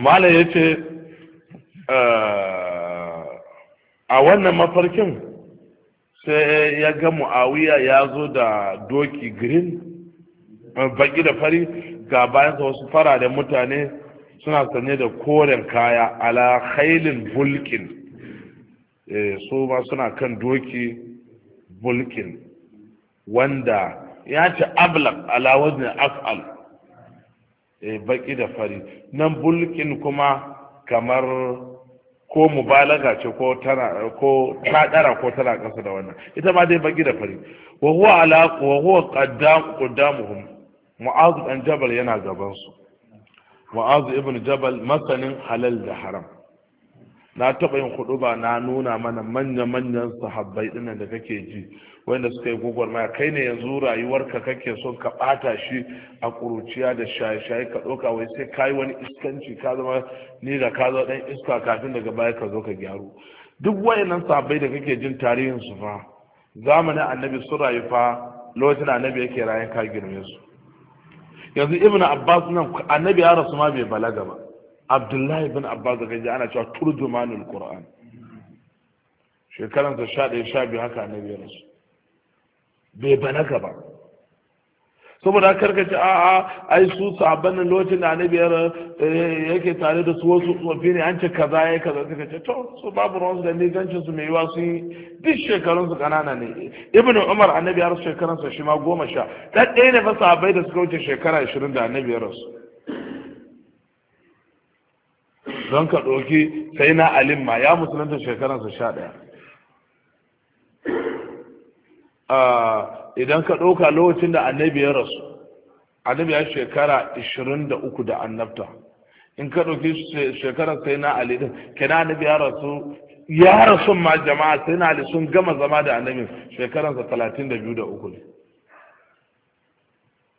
mala yace eh, a wannan mafarkin sai ya ga mu'awiya ya zo da doki green eh, baki da fari ga bayansa wasu fararen mutane suna sanye da koren kaya ala khailin bulkin eh, su ma suna kan doki bulkin wanda ya ci ablak ala wajen af'al eh, baki da fari nan bulkin kuma kamar ko mubalaga ce ko tana ko ta ko tana kasa da wannan ita ma dai baki da fari wa huwa ala wa huwa qaddamuhum mu'adh jabal yana gaban su mu'azu ibn jabal masanin halal da haram na taɓa yin hudu ba na nuna mana manya-manyan sahabbai ɗin da kake ji wanda suka yi gugwar maya kai ne yanzu rayuwar ka kake son ka ɓata shi a ƙuruciya da shaye-shaye ka ɗauka wai sai ka wani iskanci ka zama ni da ka zo ɗan iska kafin daga baya ka zo ka gyaru duk wayannan sahabbai da kake jin tarihin su fa zamanin annabi sun rayu fa lokacin annabi yake rayan ka girme su yanzu ibn abbas nan annabi ya rasu ma bai balaga ba abdullahi ibn abbas da gaji ana cewa turjumanul qur'an shekaransa sha ɗaya sha biyu haka annabi ya rasu bai balaga ba saboda karka a a'a ai su sabon lokacin da annabi eh, yake tare da su wasu tsofi ne an ce kaza ya kaza suka ce to su babu ruwansu da nigancin su mai yiwa su yi duk shekarun su kanana ne ibnu umar annabi ya rasu shekarun sa shi ma goma sha dan ɗaya ne fa sahabbai da suka wuce shekara ashirin da annabi ya rasu don ka ɗauki sai na alimma ya musulunta shekarun sa sha ɗaya idan ka ɗauka lokacin da annabi ya rasu annabi ya shekara 23 da annabta in ka ɗauki shekarar sai na ali din annabi ya rasu ya rasu ma jama'a sai na ali sun gama zama da annabi shekararsa 32 da uku ne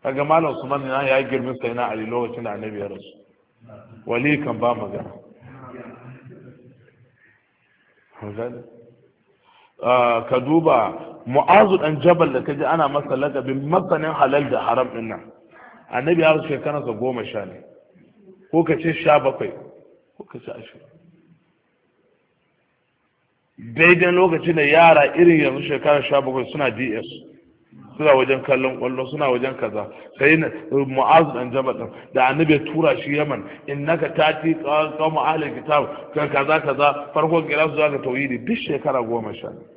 kaga malam usman na ya girmi sai na ali lokacin da annabi ya rasu wali kan ba magana ka duba mu'azu dan jabal da kaji ana masa lagabin makanin halal da haram din nan annabi ya kana sa goma sha ne ko ka ce sha bakwai ko ka ce ashirin daidai lokacin da yara irin yanzu shekarar sha bakwai suna ds suna wajen kallon kwallo suna wajen kaza sai na mu'azu dan jabal da annabi tura shi yaman innaka tati qawmu ahli kitab kaza kaza farkon kira su zaka tauhidi bi shekara goma sha ne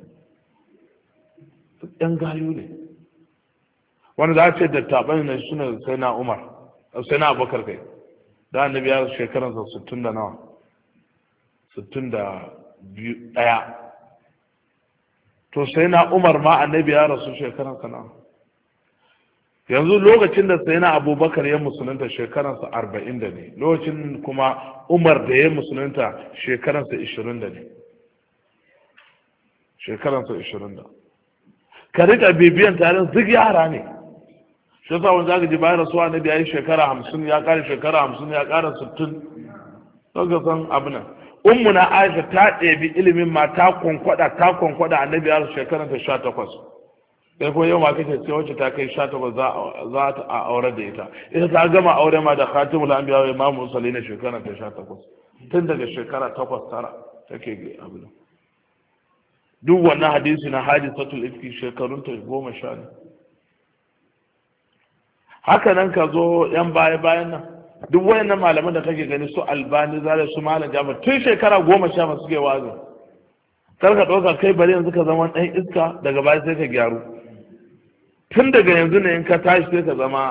yan gayu ne wani za a ce dattaban ne suna sai na umar sai na abokar kai da annabi ya shekaransa sittin da nawa sittin da biyu ɗaya to sai na umar ma annabi ya rasu sa nawa yanzu lokacin da sai na abubakar ya musulunta sa arba'in da ne lokacin kuma umar da ya musulunta sa ishirin da ne sa ishirin da ka rika bibiyan tarin duk yara ne shi yasa wanda zaka ji bayan rasuwa na biya shekara hamsin ya kara shekara hamsin ya kara sittin daga san abin nan ummu na aisha ta ɗebi ilimin ma ta kwankwada ta kwankwada annabi ya shekara ta sha takwas sai ko yau ma kace sai wacce ta kai sha takwas za ta aure da ita ita ta gama aure ma da khatimul anbiya wa imamu musalli na shekara ta sha takwas tun daga shekara takwas tara take abin nan duk wannan hadisi na hadisatul ifki shekarun ta goma sha ne haka nan ka zo yan baya bayan nan duk wayannan malaman da kake gani su albani zare su malam jami'a tun shekara goma sha masu suke wazin kar ka ɗauka kai bari yanzu ka zama ɗan iska daga baya sai ka gyaru tun daga yanzu ne in ka tashi sai ka zama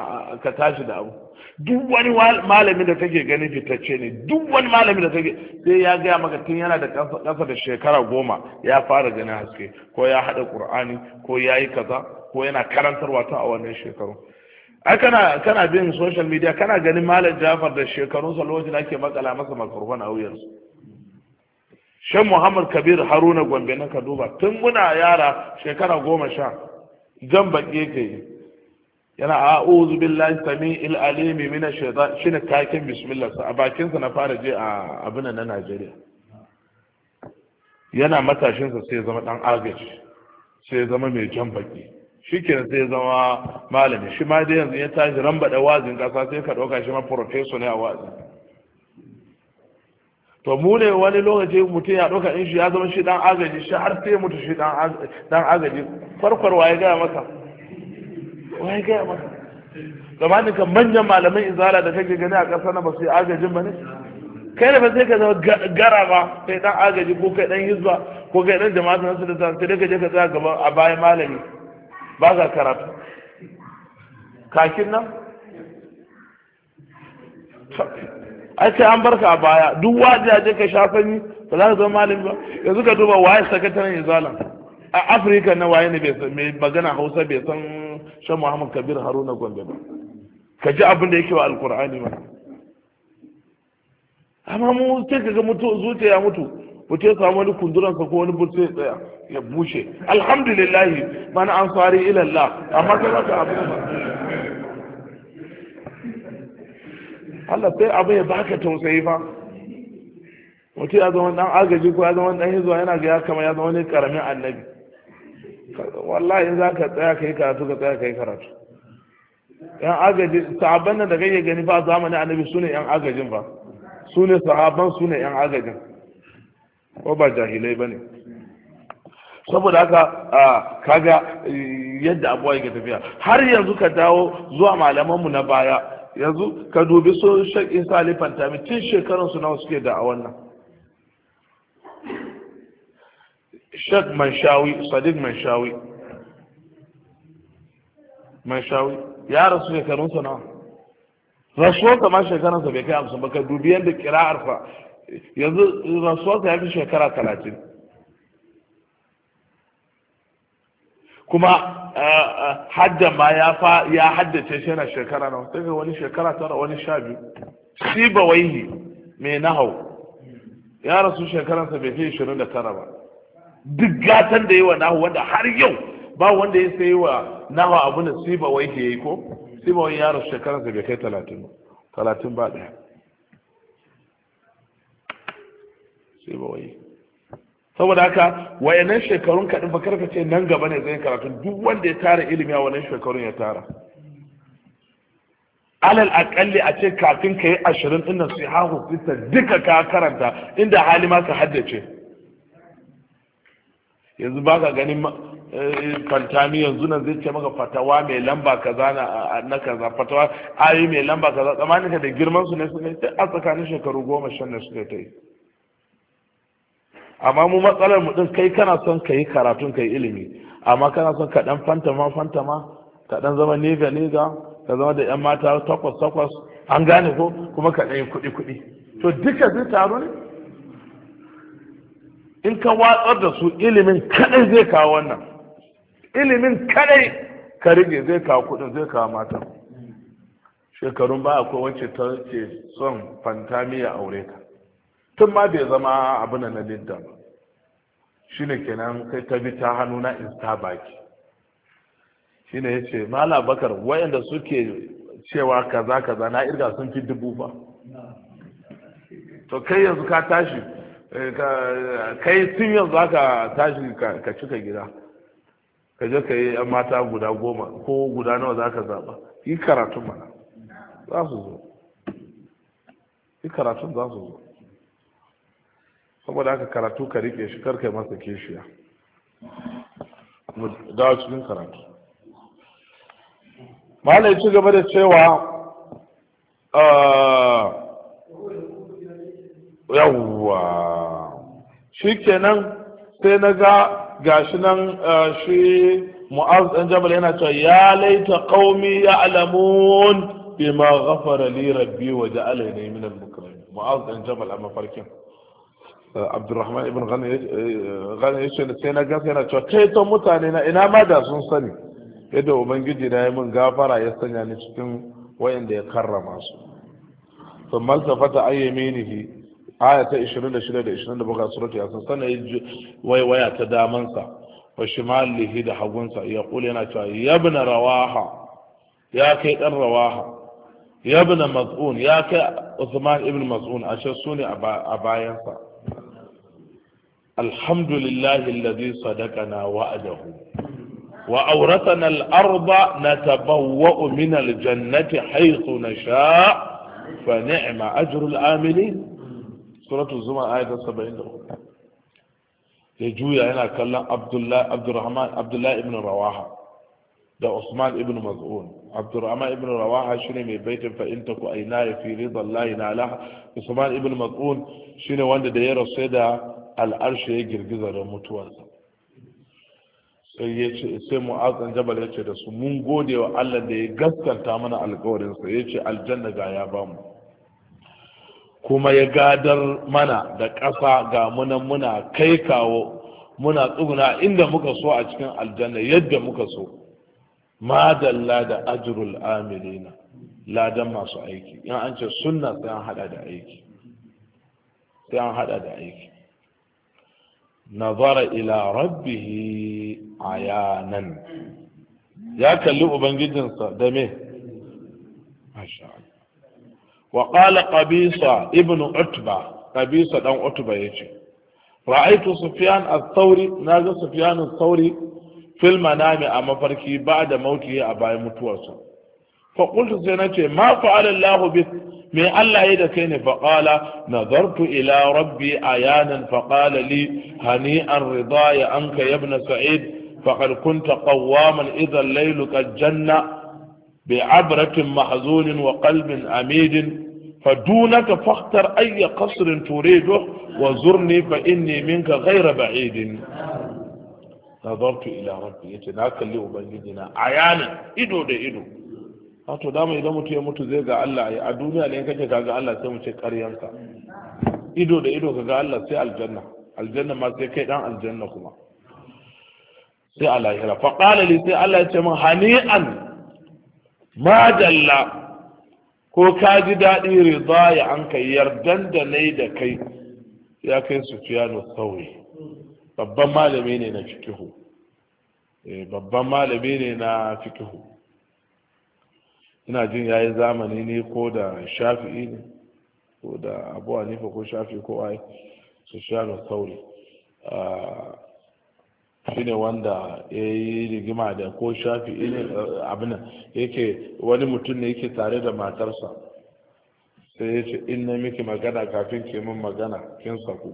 ka tashi da abu duk wani malamin da take ganin fitacce ne duk wani malamin da take sai ya gaya maka tun yana da kasa da shekara goma ya fara ganin haske ko ya haɗa ƙur'ani ko ya yi kaza ko yana karantarwa ta a wannan shekaru a kana kana bin social media kana ganin malam jafar da shekarun sa lokacin ake makala masa makarfan a wuyarsu shan muhammad kabir haruna gombe na Kaduba tun muna yara shekara goma sha jan baƙi yake yi yana a'udhu billahi sami'il alimi min ash-shaytan shine kakin bismillah a bakin sa na fara je a abin na Najeriya yana matashin sa sai zama dan agaji sai zama mai jan baki shikenan sai zama malami shi ma dai yanzu ya tashi rambada wazin kasa sai ka dauka shi ma professor ne a wazi to mu ne wani lokaci mutum ya dauka in shi ya zama shi dan agaji shi har sai mutu shi dan agaji farfarwa waye gaya masa wai gaya masa gabanin kan manyan malaman izala da kake gani a ƙasa na basu agajin ba ne kai da ba sai ka zama gara ba kai dan agaji ko kai dan hizba ko kai dan jama'a su da sai kai ka je ka tsaya gaban a bayan malami ba ka karatu kakin nan ai sai an barka a baya duk wajaje ka sha sanyi ba za ka zama malami ba yanzu ka duba waye sakataren izalan a afirka na waye ne mai magana hausa bai san shan muhammad kabir haruna gombe ba ka ji abin da yake wa alkur'ani ba. amma mu sai ka ga mutu zuciya ya mutu mutu ya samu wani kunduransa ko wani ya tsaya ya bushe alhamdulillah mana an fari ilallah amma sai ka abu ba Allah sai abu ya baka tausayi fa mutu ya zama dan agaji ko ya zama dan hizo yana ga ya kama ya zama wani karamin annabi wallahi za ka tsaya ka yi karatu ka tsaya ka karatu yan agaji sahabban nan da kai gani ba zamani annabi su ne yan agajin ba su ne sahabban yan agajin ko ba jahilai ba ne saboda haka kaga yadda abuwa yake tafiya har yanzu ka dawo zuwa malamanmu na baya yanzu ka dubi so shakin salifan tamitin tun su nawa suke da a wannan shad manshawi sadiq manshawi ya rasu shekarunsa nawa rasuwar ta ma shekarunsa bai kai hamsin ba ka dubi yadda kira'ar fa yanzu rasuwar ta ya fi shekara talatin kuma hadda ma ya fa ya haddace shi yana shekara nawa sai wani shekara tara wani sha biyu sibawaihi mai nahau ya rasu shekaransa bai fi 29 ba duk gatan da yi wa nahu wanda har yau ba wanda ya sayi wa nahu abu na siba wai ke yi ko siba wai yaro shekarar da kai talatin talatin ba ɗaya siba wai saboda haka wayannan shekarun kaɗin fa karka ce nan gaba ne zai karatu duk wanda ya tara ilimi a wannan shekarun ya tara alal akalli a ce kafin ka yi ashirin ɗin nan sai hahu duka ka karanta inda hali ma ka haddace yanzu ba ka ganin eh, fantami yanzu nan zai ce maka fatawa mai lamba kaza na kaza fatawa ayi mai lamba kaza tsamanin ka da girman su ne su ne a tsakanin shekaru goma shan da ne ta yi amma mu matsalar mu din kai kana son ka yi karatun ka yi ilimi amma kana son ka dan fantama fantama ka dan zama nega nega ka zama da yan mata takwas takwas an gane ko kuma ka dan yi kuɗi kuɗi to duka zai taru ne in ka watsar da su ilimin kadai zai kawo wannan ilimin kadai ka rige zai kawo kudin zai kawo matan shekarun ba akwai wacce ta ce son fantamiya aure ka tun ma bai zama abu na na lidda ba ne kenan kai ta bi ta hannu na insta baki Shina ya ce mala bakar wayanda suke cewa kaza kaza na irga sun fi dubu ba to kai yanzu ka tashi kai sun yanzu aka tashi ka cika gida ka je ka yi mata guda goma ko guda nawa za ka zaba yi karatun mana za su zo yi karatun za su zo saboda aka karatu ka rike shi karka yi masa keshiya dawo cikin karatu malai ci gaba da cewa ah, yawwa shi kenan sai na ga gashi nan eh, shi mu'az dan jabal yana cewa ya laita qaumi ya'lamun bima ghafara li rabbi wa ja'alani min al-mukramin mu'az dan jabal amma farkin eh, abdurrahman ibn ghani eh, ghani sai na ga sai na cewa kai to mutane na ina ma da sun sani yadda ubangiji na yi min gafara ya sanya ni cikin wayanda ya karrama su to malta fata يمينه aya ta 26 da 27 surati yasin sana waiwaya ta damansa wa shimalihi da hagunsa ya kula yana cewa yabna rawaha ya kai dan rawaha yabna mas'un ya kai usman ibn mas'un ashe sune a bayansa alhamdulillahi alladhi sadaqana wa'adahu wa auratana al-arda natabawwa'u min al-jannati haythu nasha fa ni'ma ajru al-amilin suratu zuma ayata 73 ya juya yana kallon abdullahi abdullahi ibn rawaha da usman ibn maz'un abdurrahman ibn rawaha shine mai baitin fahimta in taku aina ya fi layi na ala usman ibn maz'un shine wanda da ya rasu da al'arshe ya girgiza da mutuwarsa sai ya ce sai mu'azan jabal ya ce da su mun gode wa Allah da ya gaskanta mana alkawarinsa ya ce aljanna ga ya bamu kuma ya gadar mana da ƙasa ga munan muna kai kawo muna tsuguna inda muka so a cikin aljanna yadda muka so madalla da ajrul amilina ladan masu aiki in an ce sunna sai an hada da aiki sai an hada da aiki nazara ila rabbihi ayanan ya kalli ubangijinsa da me masha Allah wa qala Ibn ibnu utba qabisa dan utba yace Ra'aitu sufyan ath-thawri naga sufyan ath-thawri fil manami a mafarki ba da mauti a bayan mutuwarsa fa sai na ce ma fa'ala Allahu me Allah ya da kai ne fa qala nazartu ila rabbi a yanan qala li hani'an ridaya anka ya sa'id faqad kunta qawwaman idha janna بعبرة محزون وقلب عميد فدونك فاختر أي قصر تريده وزرني فإني منك غير بعيد نظرت إلى ربي يتناك اللي أبنجدنا عيانا إدو دي إدو wato dama idan mutum ya mutu zai ga Allah a duniya ne kake ka ga Allah sai mu ce ƙaryanka ido da ido ka ga Allah sai aljanna aljanna ma sai kai dan aljanna kuma sai a lahira fa sai Allah ya ce ma dalla ko ka ji daɗi rida ya an kai yardan da nai da kai ya kai su fiyano sauri. babban malami ne na fikihu eh, babban malami ne na fikihu ina jin ya yi zamani ne ko da shafi'i ne ko da abu nifa ko shafi ko ai su na sauri ah, Shi ne wanda ya yi rigima da ko shafi abin yake wani mutum ne yake tare da matarsa sai ya ce in na miki magana kafin ke min magana kin saku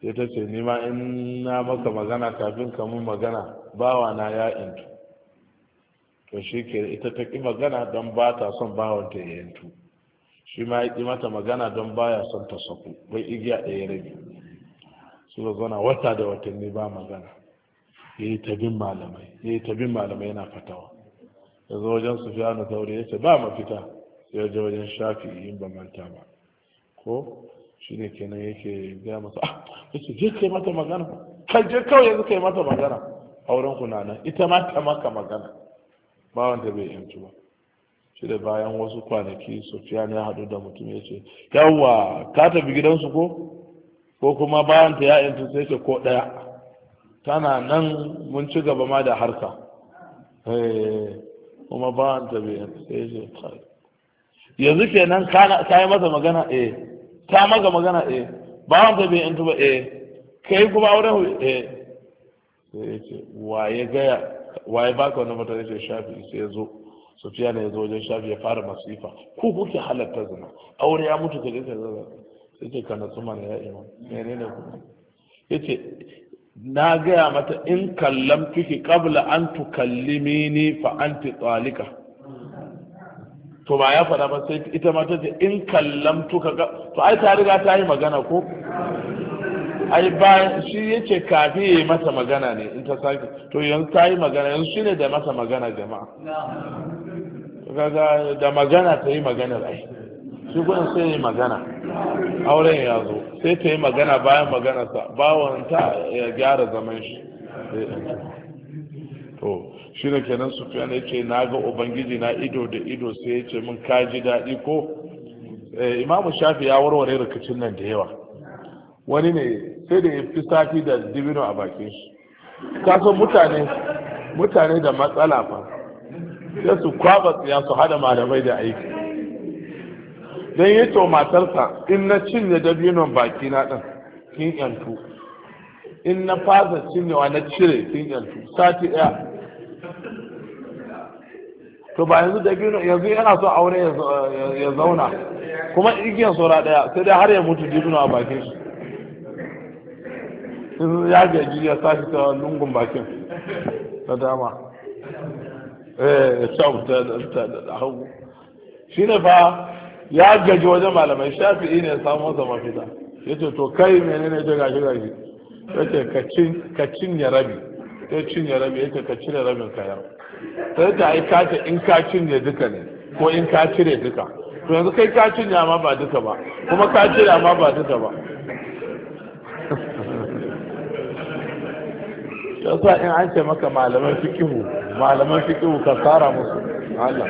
ya ta ce nima in na maka magana kafin ka min magana bawa na ya intu to shi ke ita ta ki magana don ba ta son bawanta ya intu shi ma ya ƙi mata magana don baya son ta saku bai igiya ɗaya rabi suka zana wata da watanni ba magana ya yi tabin malamai ya yi tabin malamai yana fatawa ya zo wajen su fiya na tauri ya ce ba mafita fita. ya je wajen shafi yin ba manta ba ko shi ne kenan yake gaya masa ah ce je kai mata magana ka je kawai yanzu kai mata magana auren ku na ita ma ta maka magana ba wanda bai yanci ba shi da bayan wasu kwanaki sufiyan ya haɗu da mutum ya ce yawwa ka tafi gidansu ko ko kuma bayan ta ya'yanta sai ce ko ɗaya tana nan mun ci gaba ma da harka eh, kuma bayan ta biyan sai ce yanzu ke nan ka yi masa magana eh ta maka magana eh bayan ta biyan ba eh kai kuma auren eh sai ya ce waye gaya waye baka wani mutane ce shafi sai ya zo sofiya ne ya zo wajen shafi ya fara masifa ko kuke halatta zina aure ya mutu ka je ka zina yake kana su mana ya mene ne kuma yace na gaya mata in kallam kiki kabla an mini fa an ti tsalika to ba ya faɗa ba sai ita ma ta ce in kallam tuka to ai ta riga ta yi magana ko ai ba shi yace kafi yayi masa magana ne in ta sake to yanzu ta yi magana yanzu shine da masa magana jama'a kaga da magana ta yi maganar ai shi gudun sai yi magana auren ya zo sai ta yi magana bayan maganarsa bawanta ya gyara zaman shi to shi da kenan sufiya na ce na ga ubangiji na ido da ido sai ya ce min ji daɗi ko eh, imamu shafi ya warware rikicin nan da yawa wani ne sai da ya fi sati da dibino a bakin shi kaso mutane mutane da matsala fa sai su kwaba su hada malamai da aiki don yi to matarsa in na cinye dabinon baki na ɗan kin yantu in na fasa cinyewa na cire kin yantu sati ɗaya to ba yanzu dabino yanzu yana so aure ya zauna kuma igiyar saura ɗaya sai dai har ya mutu dabino a bakin shi in ya gaji ya sashi ta lungun bakin ta dama eh ya ta da hagu shi ne fa ya gaji wajen malamai shafi'i ne samu masa mafita ya ce to kai ne ce gashi gashi ya ce ka cinye rabi ya cinye rabi ya ce ka cire rabin kayan sai ta yi kace in ka cinye duka ne ko in ka cire duka to yanzu kai ka cinye amma ba duka ba kuma ka cire amma ba duka ba yasa in an ce maka malamai fikihu malaman fiƙi ka tsara musu Allah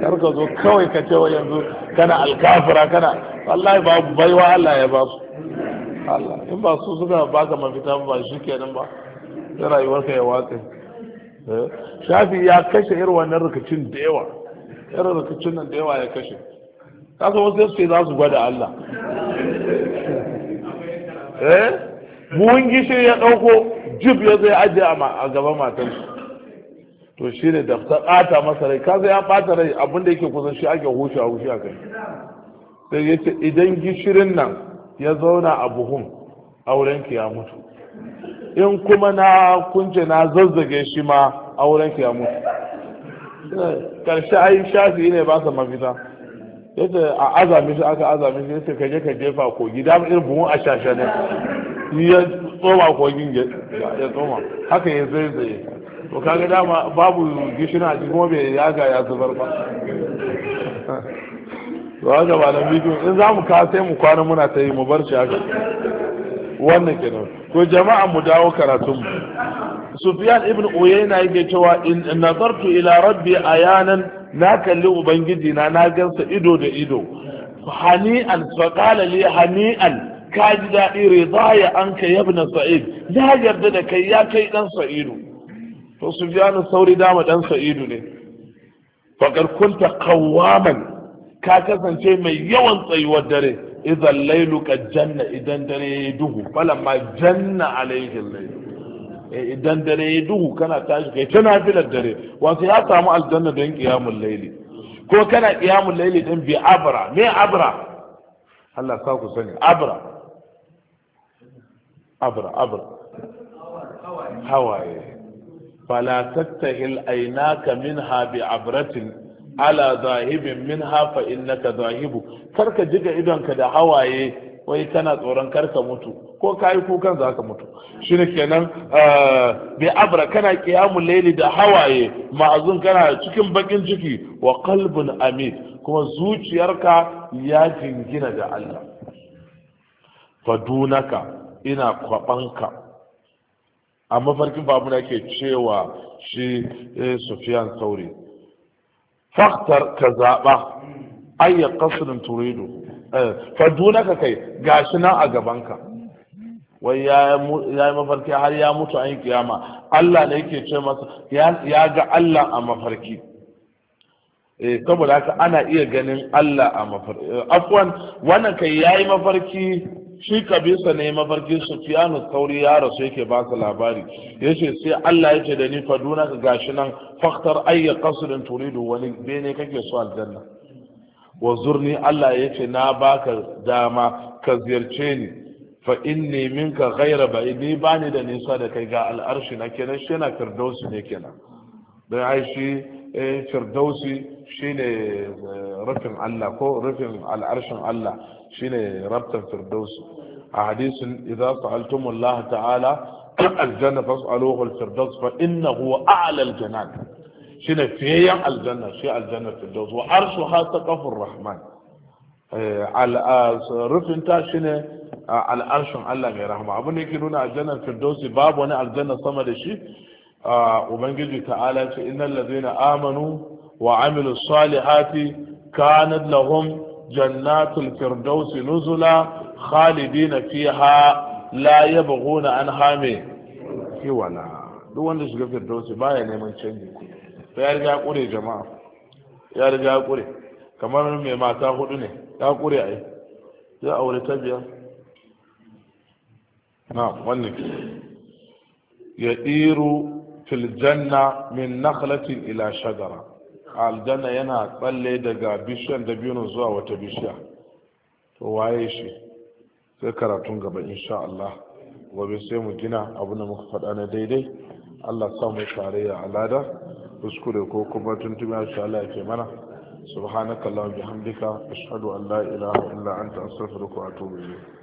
kar ka zo kawai ka ce yanzu kana alkafira kana wallahi ba baiwa Allah ya ba su Allah in ba su suka baka mafita ba shi kenan ba sai ka ya watsa. Eh, shafi ya kashe irin wannan rikicin da yawa irin rikicin nan da yawa ya kashe kasa wasu yasu za su gwada Allah eh buhun gishiri ya ɗauko jib ya zai ajiye a gaban matansu to shi ne da ta ƙata masa rai kaza ya ɓata rai abinda yake kusan shi ake hushe a hushe a kai sai ya ce idan gishirin nan ya zauna a buhun aurenki ya mutu in kuma na kunce na zazzage shi ma aurenki ya mutu karshe ai shafi ne ba sa mafita Ya ce a azami shi aka azami shi ce kaje ka jefa kogi dama irin buhun a shashe ne ya tsoma kogin ya tsoma haka ya zai zai to kaga dama babu gishin a cikin bai yaga ya zubar ba to haka ba na bidiyo in za mu kawo sai mu kwana muna ta yi mu bar shi haka wannan kenan to jama'a mu dawo karatun mu sufyan ibn uyayna yake cewa in nazartu ila rabbi ayanan na kalli ubangiji na na gansa ido da ido hani'an fa qala li hani'an ka ji daɗi ridaya an ka yabna sa'id na yarda da kai ya kai dan sa'idu to sufyanu sauri dama dan sa'idu ne faƙar kunta kawaman ka kasance mai yawan tsayuwar dare idan lailu ka janna idan dare ya yi duhu ma janna alaihin lailu eh, idan dare ya yi duhu kana tashi kai tana filar dare wasu ya samu aljanna don kiyamun laili ko kana kiyamun laili don bi abra me abra Allah sa ku sani abra abra abra hawaye fala tattahil aynaka minha bi abratin ala zahibin minha fa innaka zahibu karka jiga idonka da hawaye wai kana tsoron karka mutu ko kayi kukan za ka mutu shine kenan eh, bi abra kana qiyamul layli da hawaye ma'azun kana cikin bakin ciki wa kalbin amid kuma zuciyarka ya jingina da Allah fadunaka ina kwabanka a mafarkin babu da ke cewa shi eh, sufiyan sauri faktar ka zaɓa ayya kasurin turidu eh, ka kai gashi nan a gabanka wai ya yi mafarki har ya mutu an yi kiyama allah ne yake ce masa ya ga allah a mafarki eh, saboda haka ana iya ganin allah a mafarki afwan wannan kai ya yi mafarki shi kabisa ne mafarkin sufiyanu sauri ya rasu yake ba su labari ya ce sai allah ya ce da ni faduna ka gashi nan faktar ayyar kasurin turidu wani bene kake so aljanna wa zurni allah ya ce na baka dama ka ziyarce ni fa in inni minka gaira ba ni ba ni da nisa da kai ga al'arshi na kenan shi na firdausi ne kenan don ai shi eh, firdausi shine eh, rufin allah ko rufin al'arshin allah شنو ربط الفردوس حديث إذا سألتم الله تعالى الجنة فاسألوه الفردوس فإنه هو أعلى الجنان شنو في الجنة في الجنة الفردوس وعرشها سقف الرحمن آه، على آه، رفنتا شيني آه، على عرش الله غير رحمه أبو نيكي نونا الجنة الفردوس باب وانا الجنة صمد شيء ومنجد تعالى إن الذين آمنوا وعملوا الصالحات كانت لهم jannatul firdausi nuzula khalidina fiha la yabghuna anha me kiwala duk wanda shiga firdausi baya neman canji ko ya riga kure jama'a ya riga kure kamar mai mata hudu ne ya kure ai ya aure ta biya na wannan ya iru fil janna min nakhlatin ila shajara aljanna yana tsalle daga bishiyar da biyu zuwa wata bishiya to waye shi sai karatun gaba insha Allah gobe sai mu gina abu da muka faɗa na daidai Allah sa mu ya alada kuskure ko kuma tuntumi insha Allah yake mana subhanakallahumma bihamdika ashhadu an la ilaha illa anta astaghfiruka wa atubu ilayk